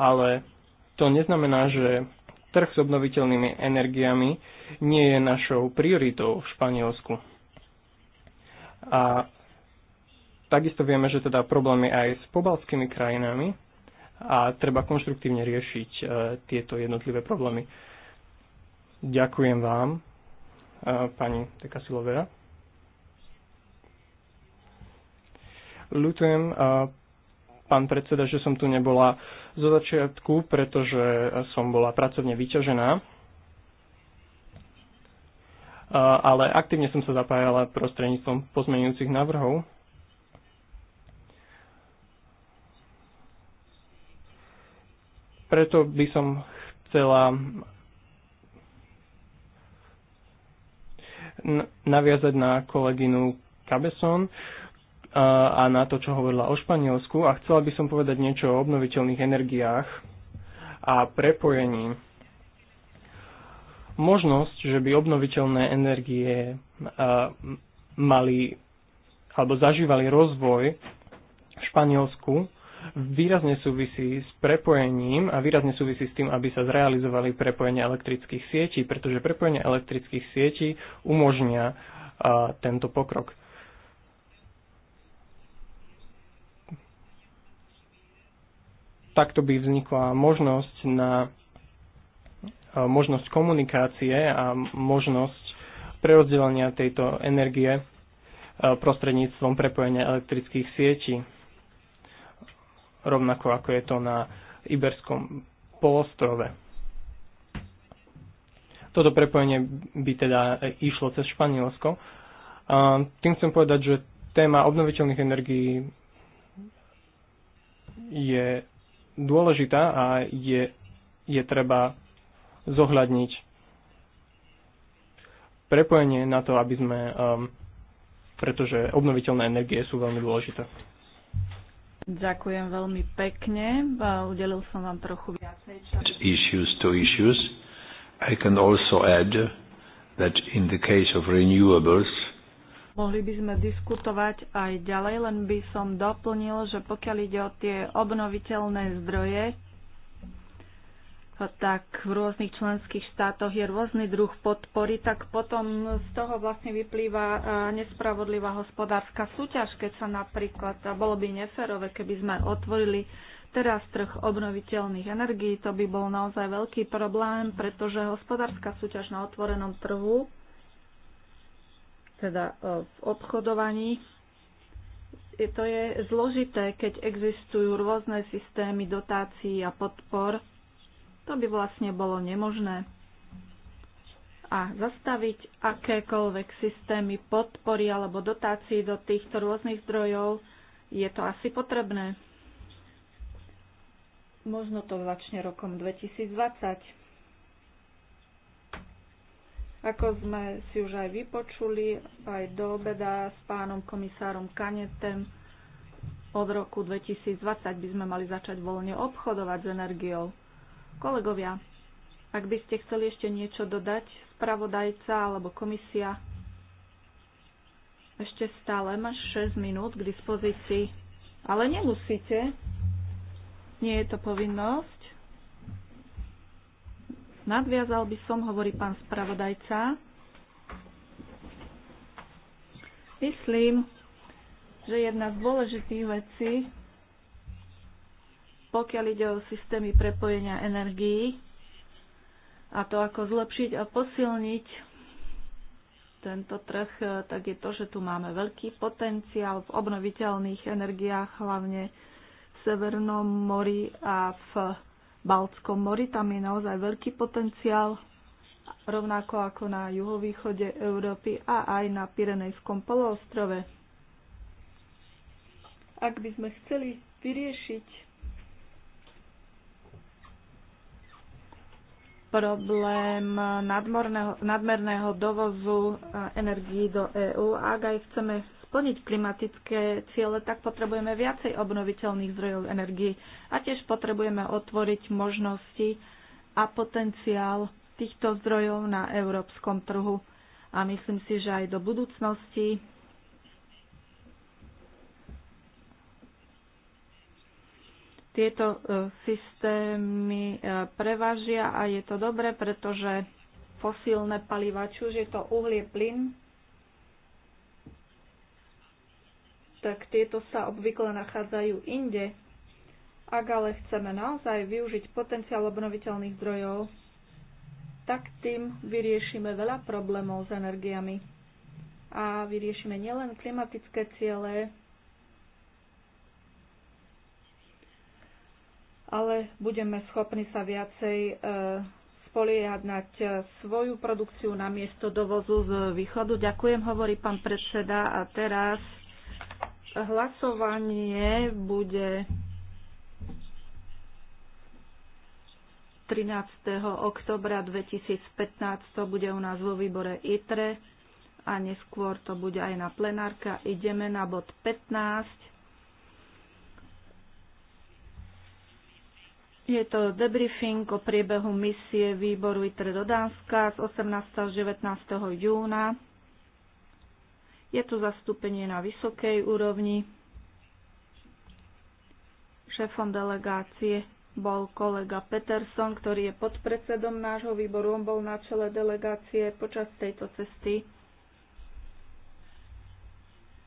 ale to neznamená, že trh s obnoviteľnými energiami nie je našou prioritou v Španielsku. A takisto vieme, že teda problém je aj s pobalskými krajinami a treba konštruktívne riešiť e, tieto jednotlivé problémy. Ďakujem vám, e, pani pani Tekasilovera. Ľutujem, e, pán predseda, že som tu nebola zo začiatku, pretože som bola pracovne vyťažená ale aktívne som sa zapájala prostredníctvom pozmenujúcich návrhov. Preto by som chcela naviazať na kolegynu Cabeson a na to, čo hovorila o Španielsku a chcela by som povedať niečo o obnoviteľných energiách a prepojení možnosť, že by obnoviteľné energie mali alebo zažívali rozvoj v Španielsku, výrazne súvisí s prepojením a výrazne súvisí s tým, aby sa zrealizovali prepojenia elektrických sietí, pretože prepojenie elektrických sietí umožnia tento pokrok. Takto by vznikla možnosť na možnosť komunikácie a možnosť prerozdelenia tejto energie e, prostredníctvom prepojenia elektrických sietí. Rovnako ako je to na Iberskom polostrove. Toto prepojenie by teda išlo cez Španielsko. Tým chcem povedať, že téma obnoviteľných energií je dôležitá a je, je treba zohľadniť. Prepojenie na to, aby sme, um, pretože obnoviteľné energie sú veľmi dôležité. Ďakujem veľmi pekne. Udelil som vám trochu viacej času. Mohli by sme diskutovať aj ďalej, len by som doplnil, že pokiaľ ide o tie obnoviteľné zdroje, tak v rôznych členských štátoch je rôzny druh podpory, tak potom z toho vlastne vyplýva e, nespravodlivá hospodárska súťaž, keď sa napríklad, a bolo by neférové, keby sme otvorili teraz trh obnoviteľných energií, to by bol naozaj veľký problém, pretože hospodárska súťaž na otvorenom trhu, teda e, v obchodovaní, to je zložité, keď existujú rôzne systémy dotácií a podpor to by vlastne bolo nemožné. A zastaviť akékoľvek systémy podpory alebo dotácií do týchto rôznych zdrojov je to asi potrebné. Možno to začne rokom 2020. Ako sme si už aj vypočuli, aj do obeda s pánom komisárom Kanetem, od roku 2020 by sme mali začať voľne obchodovať s energiou. Kolegovia, ak by ste chceli ešte niečo dodať, spravodajca alebo komisia, ešte stále máš 6 minút k dispozícii, ale nemusíte. Nie je to povinnosť. Nadviazal by som, hovorí pán spravodajca. Myslím, že jedna z dôležitých vecí, pokiaľ ide o systémy prepojenia energií a to, ako zlepšiť a posilniť tento trh, e, tak je to, že tu máme veľký potenciál v obnoviteľných energiách, hlavne v Severnom mori a v Baltskom mori. Tam je naozaj veľký potenciál, rovnako ako na juhovýchode Európy a aj na Pirenejskom poloostrove. Ak by sme chceli vyriešiť problém nadmerného dovozu e, energií do EÚ. Ak aj chceme splniť klimatické ciele, tak potrebujeme viacej obnoviteľných zdrojov energii a tiež potrebujeme otvoriť možnosti a potenciál týchto zdrojov na európskom trhu. A myslím si, že aj do budúcnosti Tieto e, systémy e, prevažia a je to dobre, pretože fosílne paliva, či už je to uhlie, plyn, tak tieto sa obvykle nachádzajú inde. Ak ale chceme naozaj využiť potenciál obnoviteľných zdrojov, tak tým vyriešime veľa problémov s energiami. A vyriešime nielen klimatické ciele, ale budeme schopní sa viacej e, spoliehať na e, svoju produkciu na miesto dovozu z východu. Ďakujem, hovorí pán predseda. A teraz hlasovanie bude 13. oktobra 2015. To bude u nás vo výbore ITRE a neskôr to bude aj na plenárka. Ideme na bod 15 Je to debriefing o priebehu misie výboru ITRE do Dánska z 18. až 19. júna. Je tu zastúpenie na vysokej úrovni. Šéfom delegácie bol kolega Peterson, ktorý je podpredsedom nášho výboru. On bol na čele delegácie počas tejto cesty.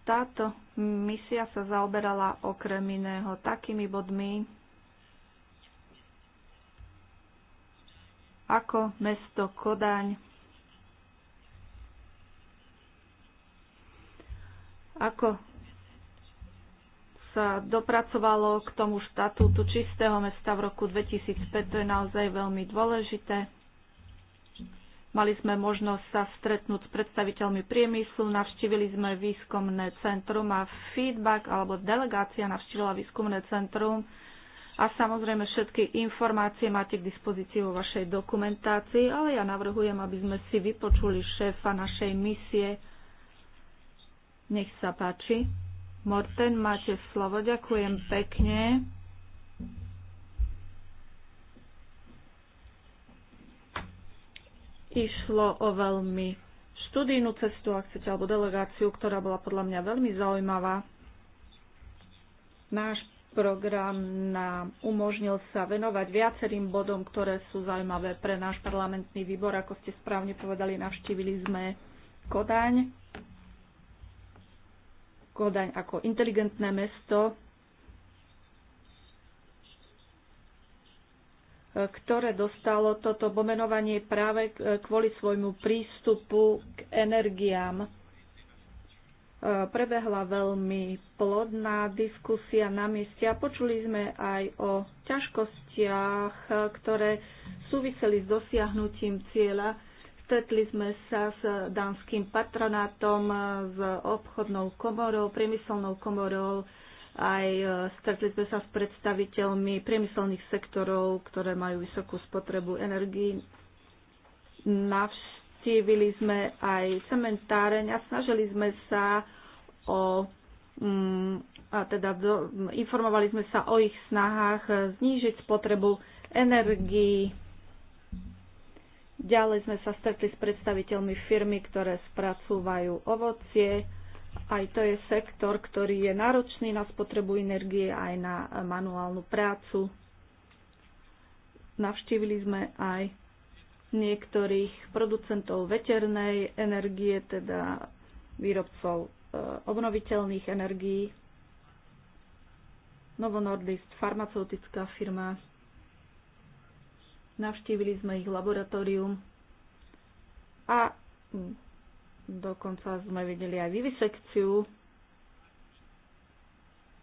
Táto misia sa zaoberala okrem iného takými bodmi, ako mesto Kodaň, ako sa dopracovalo k tomu štatútu čistého mesta v roku 2005. To je naozaj veľmi dôležité. Mali sme možnosť sa stretnúť s predstaviteľmi priemyslu, navštívili sme výskumné centrum a feedback, alebo delegácia navštívila výskumné centrum a samozrejme všetky informácie máte k dispozícii vo vašej dokumentácii, ale ja navrhujem, aby sme si vypočuli šéfa našej misie. Nech sa páči. Morten, máte slovo. Ďakujem pekne. išlo o veľmi študijnú cestu, ak chcete, alebo delegáciu, ktorá bola podľa mňa veľmi zaujímavá. Náš program nám umožnil sa venovať viacerým bodom, ktoré sú zaujímavé pre náš parlamentný výbor. Ako ste správne povedali, navštívili sme Kodaň. Kodaň ako inteligentné mesto, ktoré dostalo toto pomenovanie práve kvôli svojmu prístupu k energiám prebehla veľmi plodná diskusia na mieste a počuli sme aj o ťažkostiach, ktoré súviseli s dosiahnutím cieľa. Stretli sme sa s dánskym patronátom, s obchodnou komorou, priemyselnou komorou, aj stretli sme sa s predstaviteľmi priemyselných sektorov, ktoré majú vysokú spotrebu energii. Navš- navštívili sme aj cementáreň a snažili sme sa o mm, a teda do, informovali sme sa o ich snahách znížiť spotrebu energii. Ďalej sme sa stretli s predstaviteľmi firmy, ktoré spracúvajú ovocie. Aj to je sektor, ktorý je náročný na spotrebu energie aj na manuálnu prácu. Navštívili sme aj niektorých producentov veternej energie, teda výrobcov e, obnoviteľných energií. Novo Nordist, farmaceutická firma. Navštívili sme ich laboratórium a dokonca sme videli aj vivisekciu.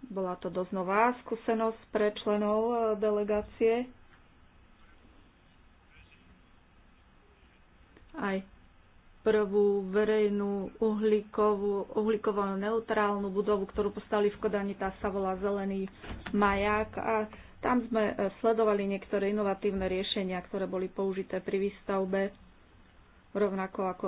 Bola to dosť nová skúsenosť pre členov e, delegácie aj prvú verejnú uhlíkovú, uhlíkovo neutrálnu budovu, ktorú postali v Kodani, tá sa volá Zelený maják a tam sme e, sledovali niektoré inovatívne riešenia, ktoré boli použité pri výstavbe, rovnako ako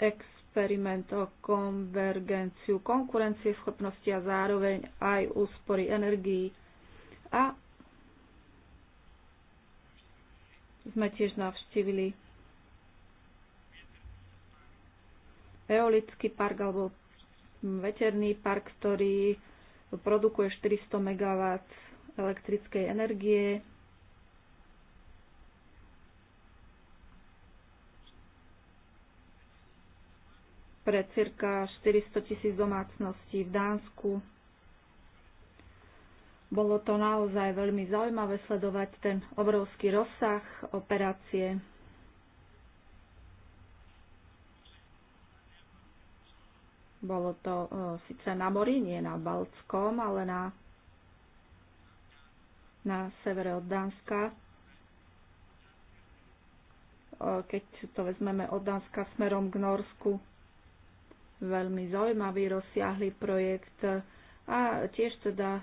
experiment o konvergenciu konkurencie schopnosti a zároveň aj úspory energií. A sme tiež navštívili eolický park alebo veterný park, ktorý produkuje 400 MW elektrickej energie. pre cirka 400 tisíc domácností v Dánsku. Bolo to naozaj veľmi zaujímavé sledovať ten obrovský rozsah operácie. Bolo to e, síce na mori, nie na Baltskom, ale na, na severe od Dánska. E, keď to vezmeme od Dánska smerom k Norsku, veľmi zaujímavý, rozsiahly projekt a tiež teda e,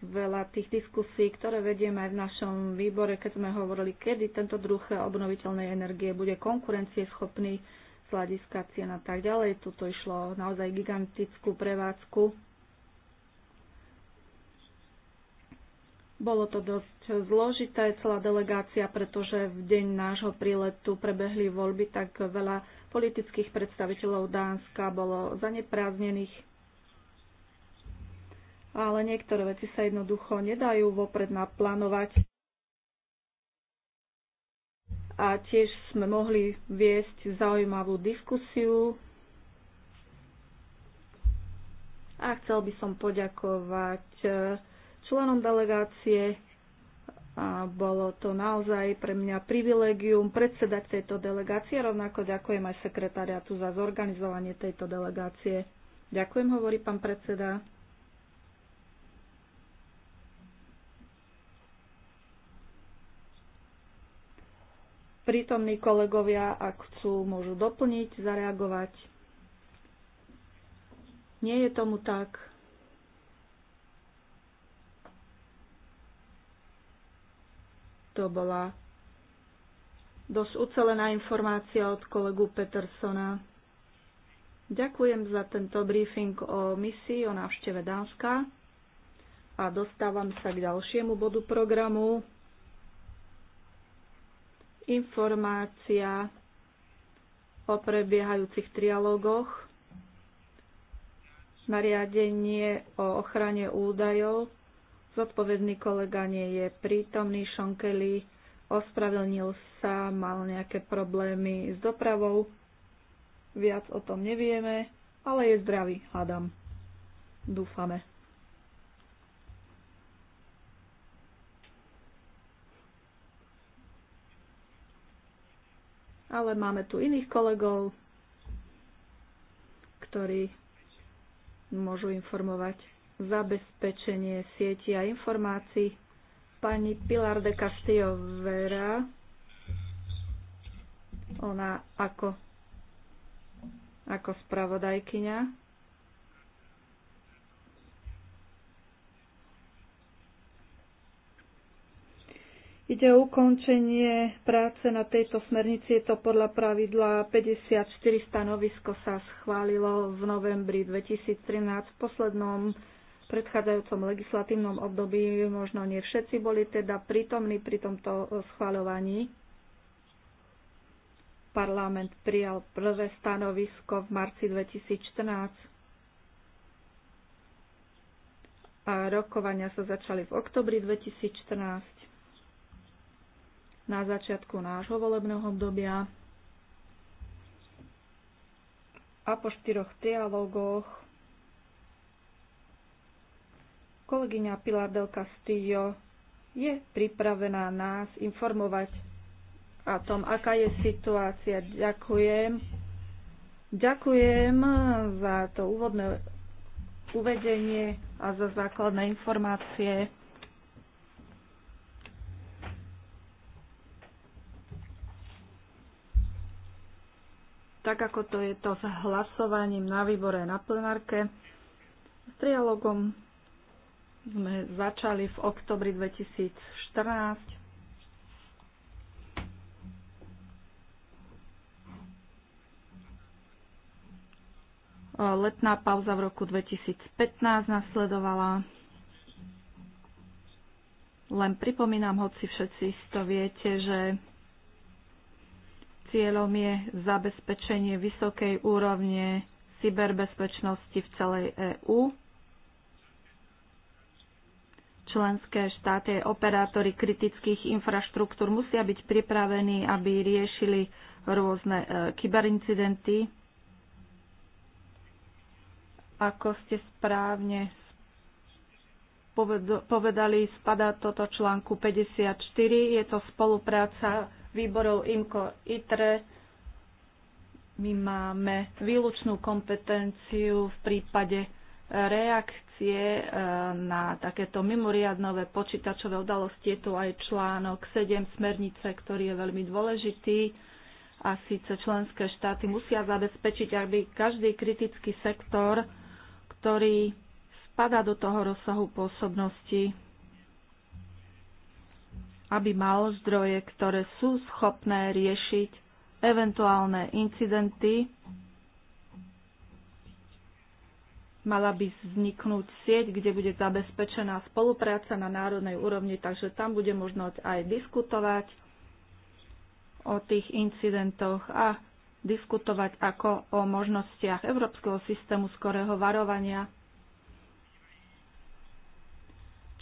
veľa tých diskusí, ktoré vedieme aj v našom výbore, keď sme hovorili, kedy tento druh obnoviteľnej energie bude konkurencieschopný sladiska cien a tak ďalej. Tuto išlo naozaj gigantickú prevádzku. Bolo to dosť zložité, celá delegácia, pretože v deň nášho príletu prebehli voľby, tak veľa politických predstaviteľov Dánska bolo zanepráznených. Ale niektoré veci sa jednoducho nedajú vopred naplánovať a tiež sme mohli viesť zaujímavú diskusiu. A chcel by som poďakovať e, členom delegácie. A bolo to naozaj pre mňa privilegium predsedať tejto delegácie. Rovnako ďakujem aj sekretariatu za zorganizovanie tejto delegácie. Ďakujem, hovorí pán predseda. Prítomní kolegovia, ak chcú, môžu doplniť, zareagovať. Nie je tomu tak. To bola dosť ucelená informácia od kolegu Petersona. Ďakujem za tento briefing o misii, o návšteve Dánska a dostávam sa k ďalšiemu bodu programu informácia o prebiehajúcich trialógoch, nariadenie o ochrane údajov. Zodpovedný kolega nie je prítomný. Sean Kelly ospravedlnil sa, mal nejaké problémy s dopravou. Viac o tom nevieme, ale je zdravý, hádam. Dúfame. ale máme tu iných kolegov, ktorí môžu informovať zabezpečenie sieti a informácií. Pani Pilar de Castillo Vera, ona ako, ako spravodajkyňa Ide o ukončenie práce na tejto smernici. Je to podľa pravidla 54 stanovisko sa schválilo v novembri 2013 v poslednom predchádzajúcom legislatívnom období. Možno nie všetci boli teda prítomní pri tomto schváľovaní. Parlament prijal prvé stanovisko v marci 2014 a rokovania sa začali v oktobri 2014 na začiatku nášho volebného obdobia a po štyroch trialógoch kolegyňa Pilar del Castillo je pripravená nás informovať o tom, aká je situácia. Ďakujem. Ďakujem za to úvodné uvedenie a za základné informácie. tak ako to je to s hlasovaním na výbore na plenárke. S trialogom sme začali v oktobri 2014. Letná pauza v roku 2015 nasledovala. Len pripomínam, hoci všetci to viete, že Cieľom je zabezpečenie vysokej úrovne cyberbezpečnosti v celej EÚ. Členské štáty a operátory kritických infraštruktúr musia byť pripravení, aby riešili rôzne e, kyberincidenty. Ako ste správne povedali, spadá toto článku 54. Je to spolupráca výborov IMCO ITRE. My máme výlučnú kompetenciu v prípade e, reakcie e, na takéto mimoriadnové počítačové udalosti. Je tu aj článok 7 smernice, ktorý je veľmi dôležitý a síce členské štáty musia zabezpečiť, aby každý kritický sektor, ktorý spada do toho rozsahu pôsobnosti aby mal zdroje, ktoré sú schopné riešiť eventuálne incidenty. Mala by vzniknúť sieť, kde bude zabezpečená spolupráca na národnej úrovni, takže tam bude možnosť aj diskutovať o tých incidentoch a diskutovať ako o možnostiach európskeho systému skorého varovania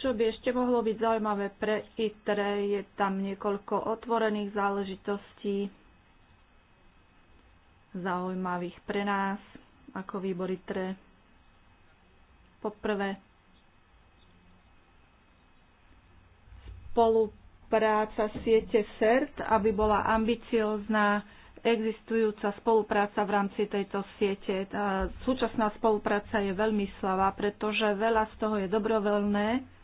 čo by ešte mohlo byť zaujímavé pre ITRE, je tam niekoľko otvorených záležitostí, zaujímavých pre nás ako výbor ITRE. Poprvé, spolupráca siete CERT, aby bola ambiciozná existujúca spolupráca v rámci tejto siete. Tá súčasná spolupráca je veľmi slavá, pretože veľa z toho je dobrovoľné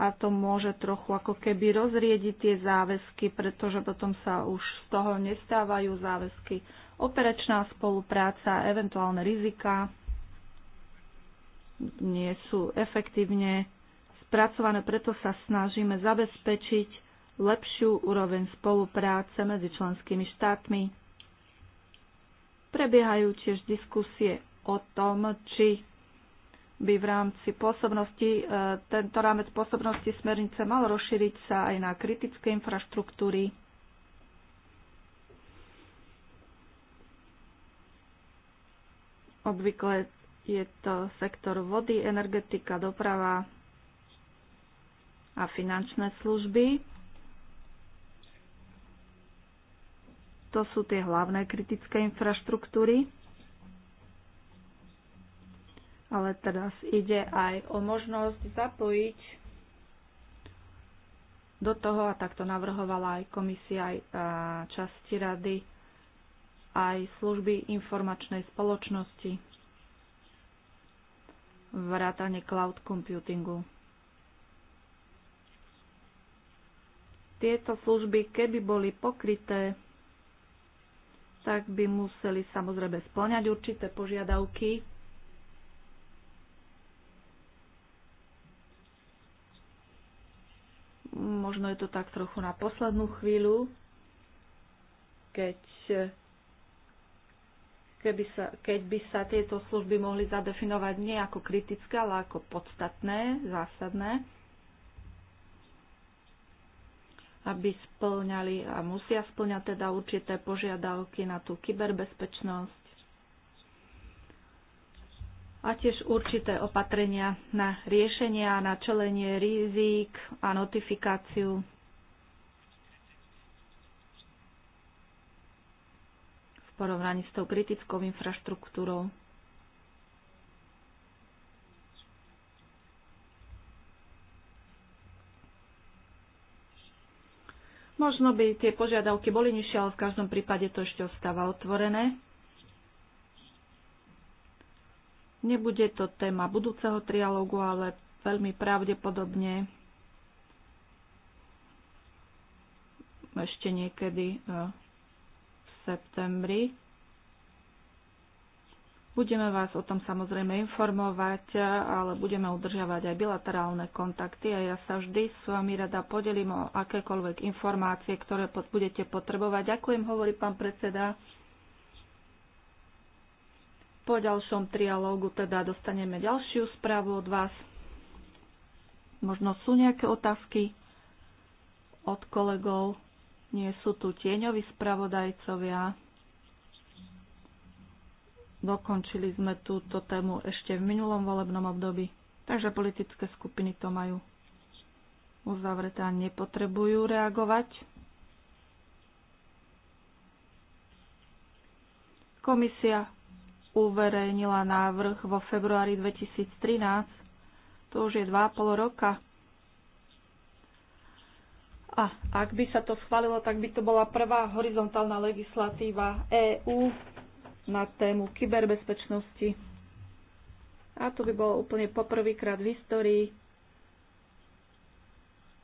a to môže trochu ako keby rozriediť tie záväzky, pretože potom sa už z toho nestávajú záväzky. Operačná spolupráca, eventuálne rizika nie sú efektívne spracované, preto sa snažíme zabezpečiť lepšiu úroveň spolupráce medzi členskými štátmi. Prebiehajú tiež diskusie o tom, či by v rámci pôsobnosti, e, tento rámec pôsobnosti smernice mal rozšíriť sa aj na kritické infraštruktúry. Obvykle je to sektor vody, energetika, doprava a finančné služby. To sú tie hlavné kritické infraštruktúry ale teraz ide aj o možnosť zapojiť do toho, a takto navrhovala aj komisia, aj časti rady, aj služby informačnej spoločnosti, vrátane cloud computingu. Tieto služby, keby boli pokryté, tak by museli samozrejme splňať určité požiadavky Možno je to tak trochu na poslednú chvíľu, keď, keby sa, keď by sa tieto služby mohli zadefinovať nie ako kritické, ale ako podstatné, zásadné, aby splňali a musia splňať teda určité požiadavky na tú kyberbezpečnosť, a tiež určité opatrenia na riešenia, na čelenie rizík a notifikáciu. v porovnaní s tou kritickou infraštruktúrou. Možno by tie požiadavky boli nižšie, ale v každom prípade to ešte ostáva otvorené. Nebude to téma budúceho trialógu, ale veľmi pravdepodobne ešte niekedy e, v septembri. Budeme vás o tom samozrejme informovať, e, ale budeme udržiavať aj bilaterálne kontakty a ja sa vždy s vami rada podelím o akékoľvek informácie, ktoré budete potrebovať. Ďakujem, hovorí pán predseda. Po ďalšom trialógu teda dostaneme ďalšiu správu od vás. Možno sú nejaké otázky od kolegov. Nie sú tu tieňoví spravodajcovia. Dokončili sme túto tému ešte v minulom volebnom období, takže politické skupiny to majú uzavreté a nepotrebujú reagovať. Komisia uverejnila návrh vo februári 2013. To už je 2,5 roka. A ak by sa to schválilo, tak by to bola prvá horizontálna legislatíva EÚ na tému kyberbezpečnosti. A to by bolo úplne poprvýkrát v histórii,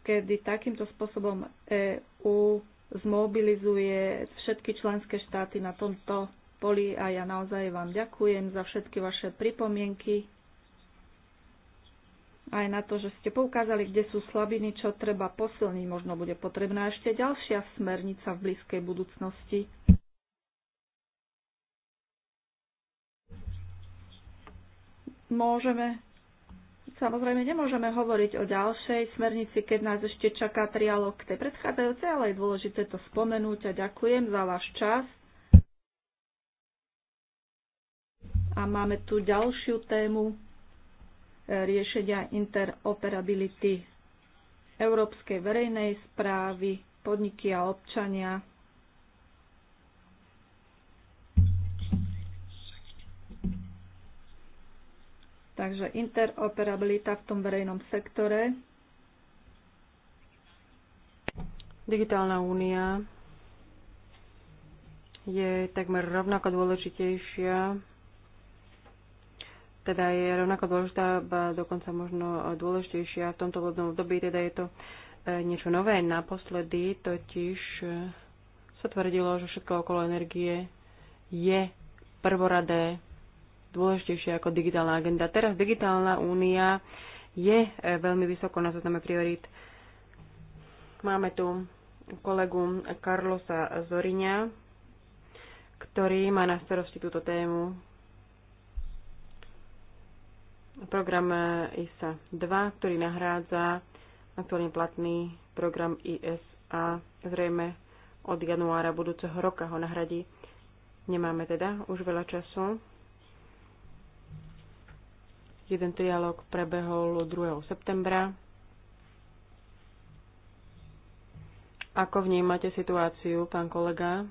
kedy takýmto spôsobom EÚ zmobilizuje všetky členské štáty na tomto boli a ja naozaj vám ďakujem za všetky vaše pripomienky aj na to, že ste poukázali, kde sú slabiny, čo treba posilniť. Možno bude potrebná ešte ďalšia smernica v blízkej budúcnosti. Môžeme, samozrejme nemôžeme hovoriť o ďalšej smernici, keď nás ešte čaká trialog k tej predchádzajúcej, ale je dôležité to spomenúť a ďakujem za váš čas. A máme tu ďalšiu tému e, riešenia interoperability európskej verejnej správy, podniky a občania. Takže interoperabilita v tom verejnom sektore. Digitálna únia je takmer rovnako dôležitejšia teda je rovnako dôležitá, dokonca možno dôležitejšia v tomto vodnom období, teda je to e, niečo nové. Naposledy totiž e, sa tvrdilo, že všetko okolo energie je prvoradé, dôležitejšie ako digitálna agenda. Teraz digitálna únia je e, veľmi vysoko na zozname priorít. Máme tu kolegu Carlosa Zoriňa, ktorý má na starosti túto tému program ISA 2, ktorý nahrádza aktuálne platný program ISA. Zrejme od januára budúceho roka ho nahradí. Nemáme teda už veľa času. Jeden trialog prebehol 2. septembra. Ako vnímate situáciu, pán kolega?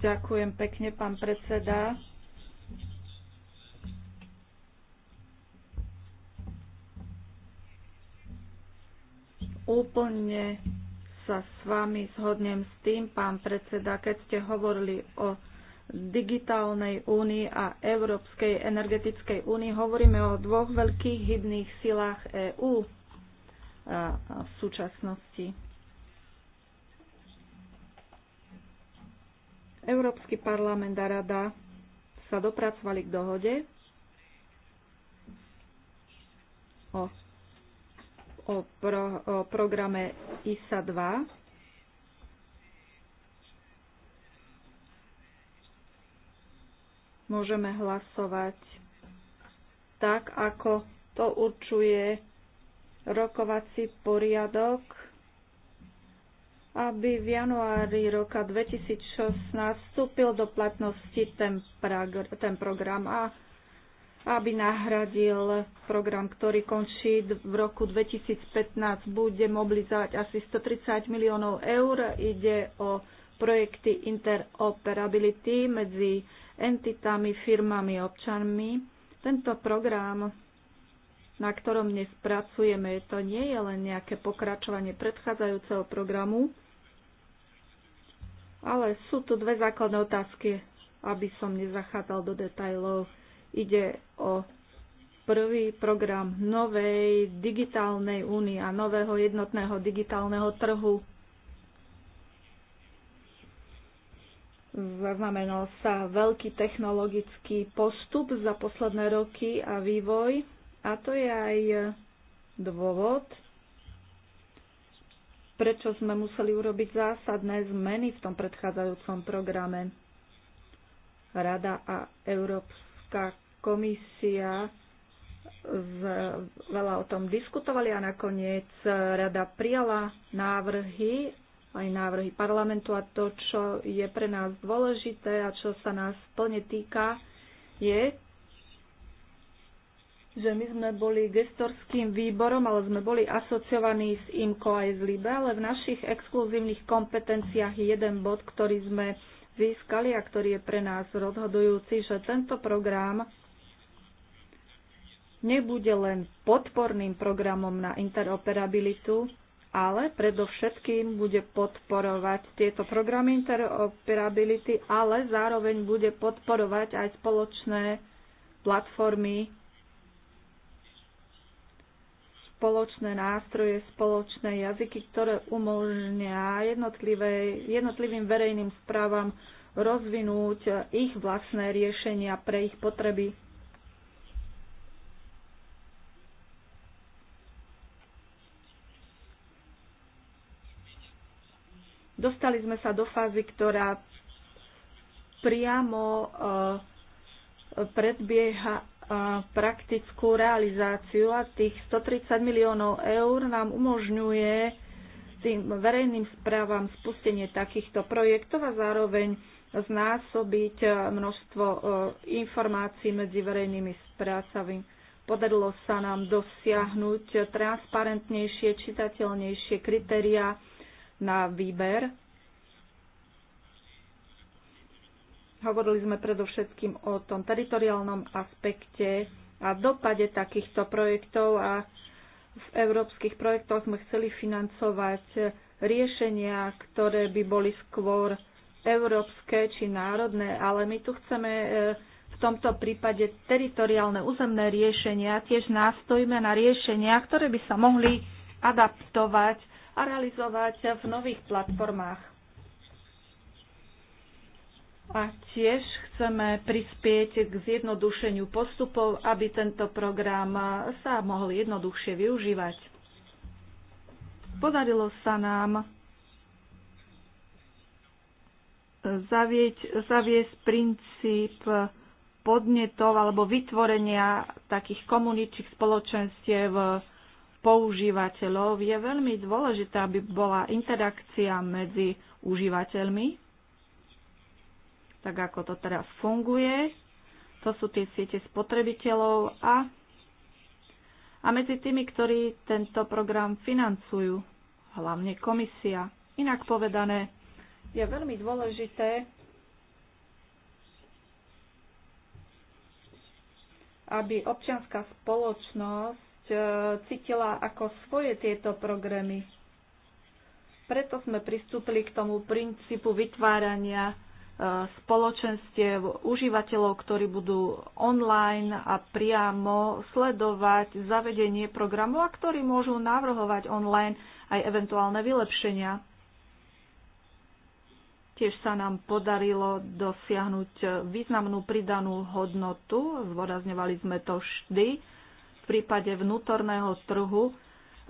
Ďakujem pekne, pán predseda. Úplne sa s vami zhodnem s tým, pán predseda, keď ste hovorili o digitálnej únii a Európskej energetickej únii. Hovoríme o dvoch veľkých hybných silách EÚ v súčasnosti. Európsky parlament a rada sa dopracovali k dohode o o, pro, o programe ISA 2. Môžeme hlasovať tak, ako to určuje rokovací poriadok, aby v januári roka 2016 vstúpil do platnosti ten, ten program a aby nahradil program, ktorý končí v roku 2015. Bude mobilizovať asi 130 miliónov eur. Ide o projekty interoperability medzi entitami, firmami, občanmi. Tento program, na ktorom dnes pracujeme, to nie je len nejaké pokračovanie predchádzajúceho programu, ale sú tu dve základné otázky, aby som nezachádzal do detajlov. Ide o prvý program novej digitálnej únie a nového jednotného digitálneho trhu. Zaznamenal sa veľký technologický postup za posledné roky a vývoj a to je aj dôvod, prečo sme museli urobiť zásadné zmeny v tom predchádzajúcom programe. Rada a Európska Európska komisia veľa o tom diskutovali a nakoniec rada prijala návrhy, aj návrhy parlamentu a to, čo je pre nás dôležité a čo sa nás plne týka, je, že my sme boli gestorským výborom, ale sme boli asociovaní s IMCO aj z LIBE, ale v našich exkluzívnych kompetenciách je jeden bod, ktorý sme získali a ktorý je pre nás rozhodujúci, že tento program nebude len podporným programom na interoperabilitu, ale predovšetkým bude podporovať tieto programy interoperability, ale zároveň bude podporovať aj spoločné platformy spoločné nástroje, spoločné jazyky, ktoré umožnia jednotlivým verejným správam rozvinúť ich vlastné riešenia pre ich potreby. Dostali sme sa do fázy, ktorá priamo eh, predbieha praktickú realizáciu a tých 130 miliónov eur nám umožňuje tým verejným správam spustenie takýchto projektov a zároveň znásobiť e, množstvo e, informácií medzi verejnými správcami. Podarilo sa nám dosiahnuť transparentnejšie, čitateľnejšie kritéria na výber Hovorili sme predovšetkým o tom teritoriálnom aspekte a dopade takýchto projektov a v európskych projektoch sme chceli financovať riešenia, ktoré by boli skôr európske či národné, ale my tu chceme e, v tomto prípade teritoriálne územné riešenia, tiež nástojíme na riešenia, ktoré by sa mohli adaptovať a realizovať v nových platformách. A tiež chceme prispieť k zjednodušeniu postupov, aby tento program sa mohol jednoduchšie využívať. Podarilo sa nám zavieť, zaviesť princíp podnetov alebo vytvorenia takých komuničných spoločenstiev používateľov. Je veľmi dôležité, aby bola interakcia medzi užívateľmi tak ako to teraz funguje. To sú tie siete spotrebiteľov a, a medzi tými, ktorí tento program financujú, hlavne komisia. Inak povedané, je veľmi dôležité, aby občianská spoločnosť e, cítila ako svoje tieto programy. Preto sme pristúpili k tomu princípu vytvárania spoločenstiev užívateľov, ktorí budú online a priamo sledovať zavedenie programu a ktorí môžu navrhovať online aj eventuálne vylepšenia. Tiež sa nám podarilo dosiahnuť významnú pridanú hodnotu, zvorazňovali sme to vždy, v prípade vnútorného trhu,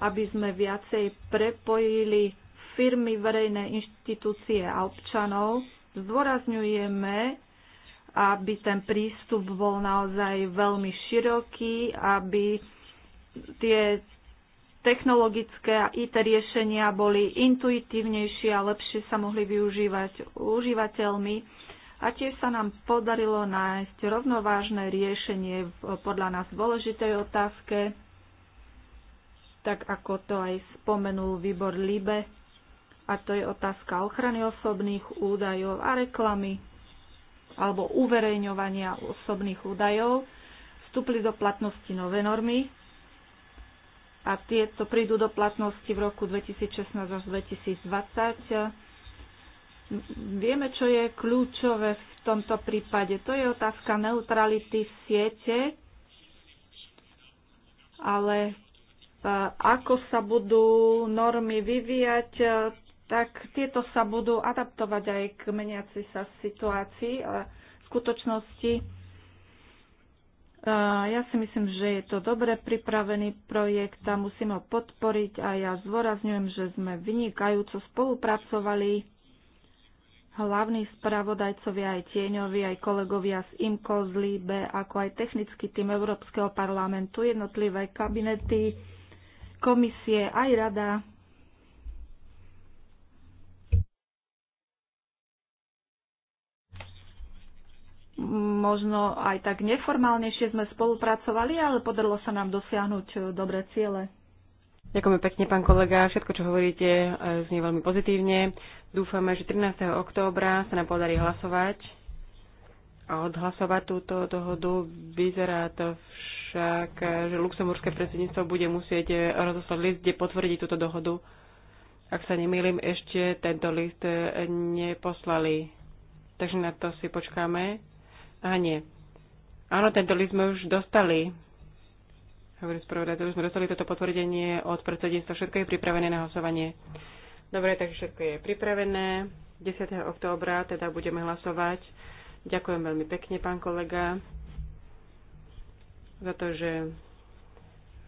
aby sme viacej prepojili firmy, verejné inštitúcie a občanov Zdôrazňujeme, aby ten prístup bol naozaj veľmi široký, aby tie technologické a IT riešenia boli intuitívnejšie a lepšie sa mohli využívať užívateľmi. A tiež sa nám podarilo nájsť rovnovážne riešenie v podľa nás dôležitej otázke, tak ako to aj spomenul výbor LIBE a to je otázka ochrany osobných údajov a reklamy alebo uverejňovania osobných údajov. Vstúpli do platnosti nové normy a tieto prídu do platnosti v roku 2016 až 2020. Vieme, čo je kľúčové v tomto prípade. To je otázka neutrality siete, ale ako sa budú normy vyvíjať, tak tieto sa budú adaptovať aj k meniacej sa situácii a skutočnosti. Eh, ja si myslím, že je to dobre pripravený projekt a musím ho podporiť a ja zdôrazňujem, že sme vynikajúco spolupracovali hlavní spravodajcovia aj tieňovi, aj kolegovia z IMCO, z LIBE, ako aj technický tým Európskeho parlamentu, jednotlivé kabinety, komisie, aj rada možno aj tak neformálnejšie sme spolupracovali, ale podarilo sa nám dosiahnuť e, dobré ciele. Ďakujeme pekne, pán kolega. Všetko, čo hovoríte, e, znie veľmi pozitívne. Dúfame, že 13. októbra sa nám podarí hlasovať a odhlasovať túto dohodu. Vyzerá to však, že luxemburské predsedníctvo bude musieť e, rozoslať list, kde potvrdí túto dohodu. Ak sa nemýlim, ešte tento list neposlali. Takže na to si počkáme. Hane. Áno, tento list sme už dostali. Hovorí spravodajca, už sme dostali toto potvrdenie od predsedníctva. Všetko je pripravené na hlasovanie. Dobre, takže všetko je pripravené. 10. októbra teda budeme hlasovať. Ďakujem veľmi pekne, pán kolega, za to, že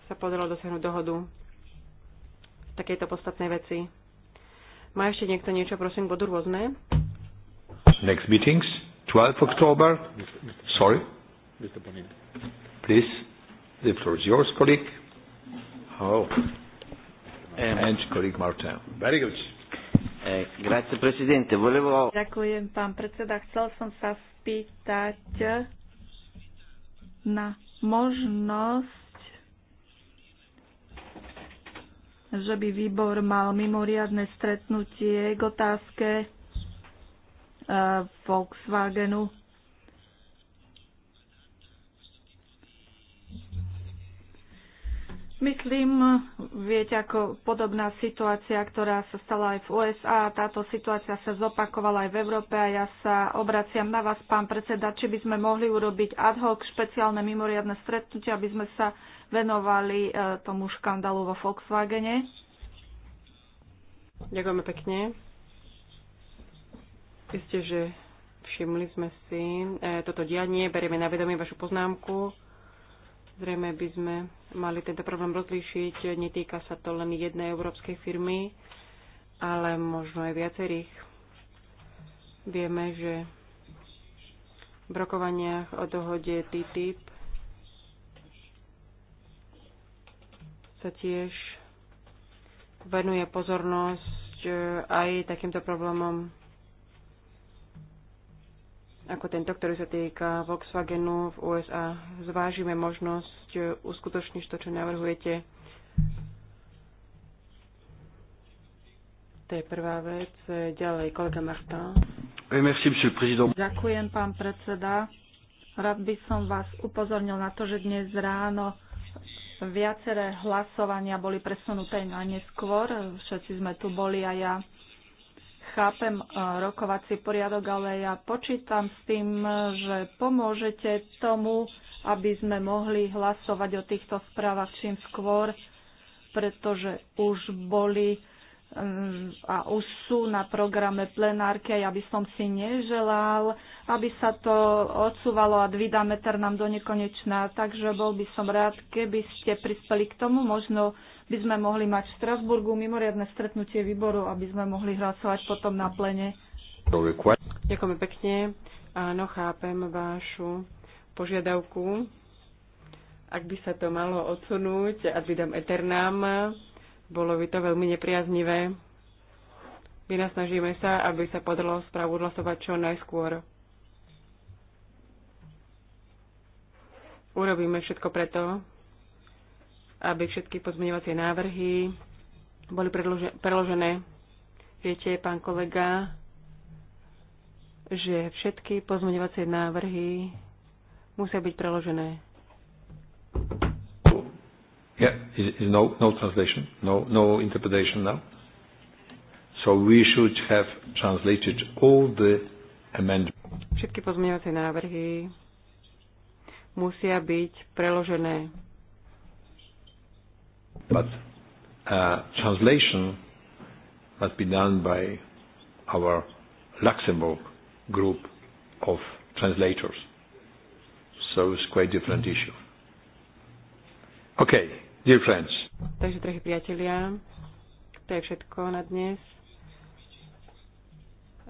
sa podarilo dosiahnuť dohodu v takejto podstatnej veci. Má ešte niekto niečo, prosím, bodu rôzne? Next meetings. 12th October. Sorry. Mr. Bonin. Please, the floor is yours, colleague. Oh. Um, and colleague Martin. Very good. Eh, grazie, presidente. Volevo... Ďakujem, pán predseda. Chcel som sa spýtať na možnosť, že by výbor mal mimoriadne stretnutie k otázke Eh, Volkswagenu. Myslím, viete, ako podobná situácia, ktorá sa stala aj v USA, táto situácia sa zopakovala aj v Európe a ja sa obraciam na vás, pán predseda, či by sme mohli urobiť ad hoc špeciálne mimoriadne stretnutie, aby sme sa venovali eh, tomu škandalu vo Volkswagene. Ďakujeme pekne. Isté, že všimli sme si e, toto dianie, berieme na vedomie vašu poznámku. Zrejme by sme mali tento problém rozlíšiť. Netýka sa to len jednej európskej firmy, ale možno aj viacerých. Vieme, že v rokovaniach o dohode TTIP sa tiež venuje pozornosť e, aj takýmto problémom ako tento, ktorý sa týka Volkswagenu v USA. Zvážime možnosť e, uskutočniť to, čo navrhujete. To je prvá vec. E, Ďalej, kolega Martin. Ďakujem, pán predseda. Rád by som vás upozornil na to, že dnes ráno viaceré hlasovania boli presunuté na neskôr. Všetci sme tu boli a ja chápem e, rokovací poriadok, ale ja počítam s tým, že pomôžete tomu, aby sme mohli hlasovať o týchto správach čím skôr, pretože už boli mm, a už sú na programe plenárke. Ja by som si neželal, aby sa to odsúvalo a dvída meter nám do nekonečná. Takže bol by som rád, keby ste prispeli k tomu. Možno by sme mohli mať v Strasburgu mimoriadne stretnutie výboru, aby sme mohli hlasovať potom na plene. Ďakujem pekne. Áno, chápem vášu požiadavku. Ak by sa to malo odsunúť ad dám eternám, bolo by to veľmi nepriaznivé. Vynasnažíme sa, aby sa podalo správu hlasovať čo najskôr. Urobíme všetko preto, aby všetky pozmeňovacie návrhy boli preložené. Viete, pán kolega, že všetky pozmeňovacie návrhy musia byť preložené. Yeah, is, is no, no translation, no, no interpretation now. So we should have translated all the amendments. Všetky pozmeňovacie návrhy musia byť preložené. But uh, translation must be done by our Luxembourg group of translators. So it's quite a different issue. Okay, dear friends. Takže, drahí priatelia, to je všetko na dnes.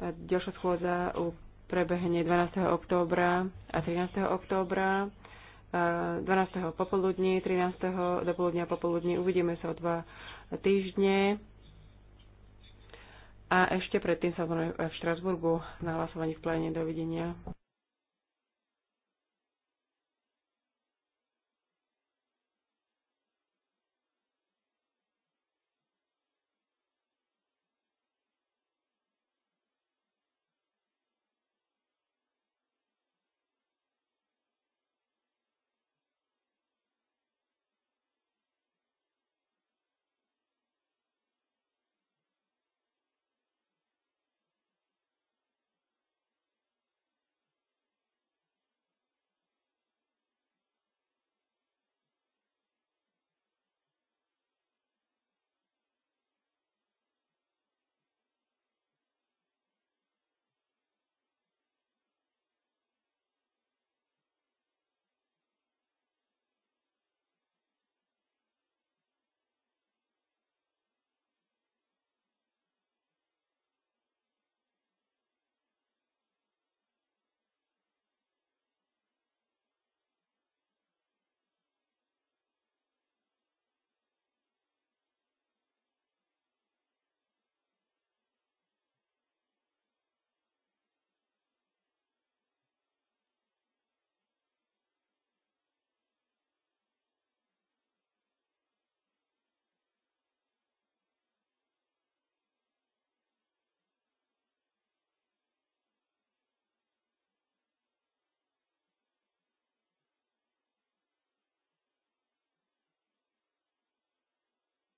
Ďalšia schôdza prebehne 12. októbra a 13. októbra. 12. popoludní, 13. dopoludnia popoludní. Uvidíme sa o dva týždne. A ešte predtým sa v Štrasburgu na hlasovaní v pléne. Dovidenia.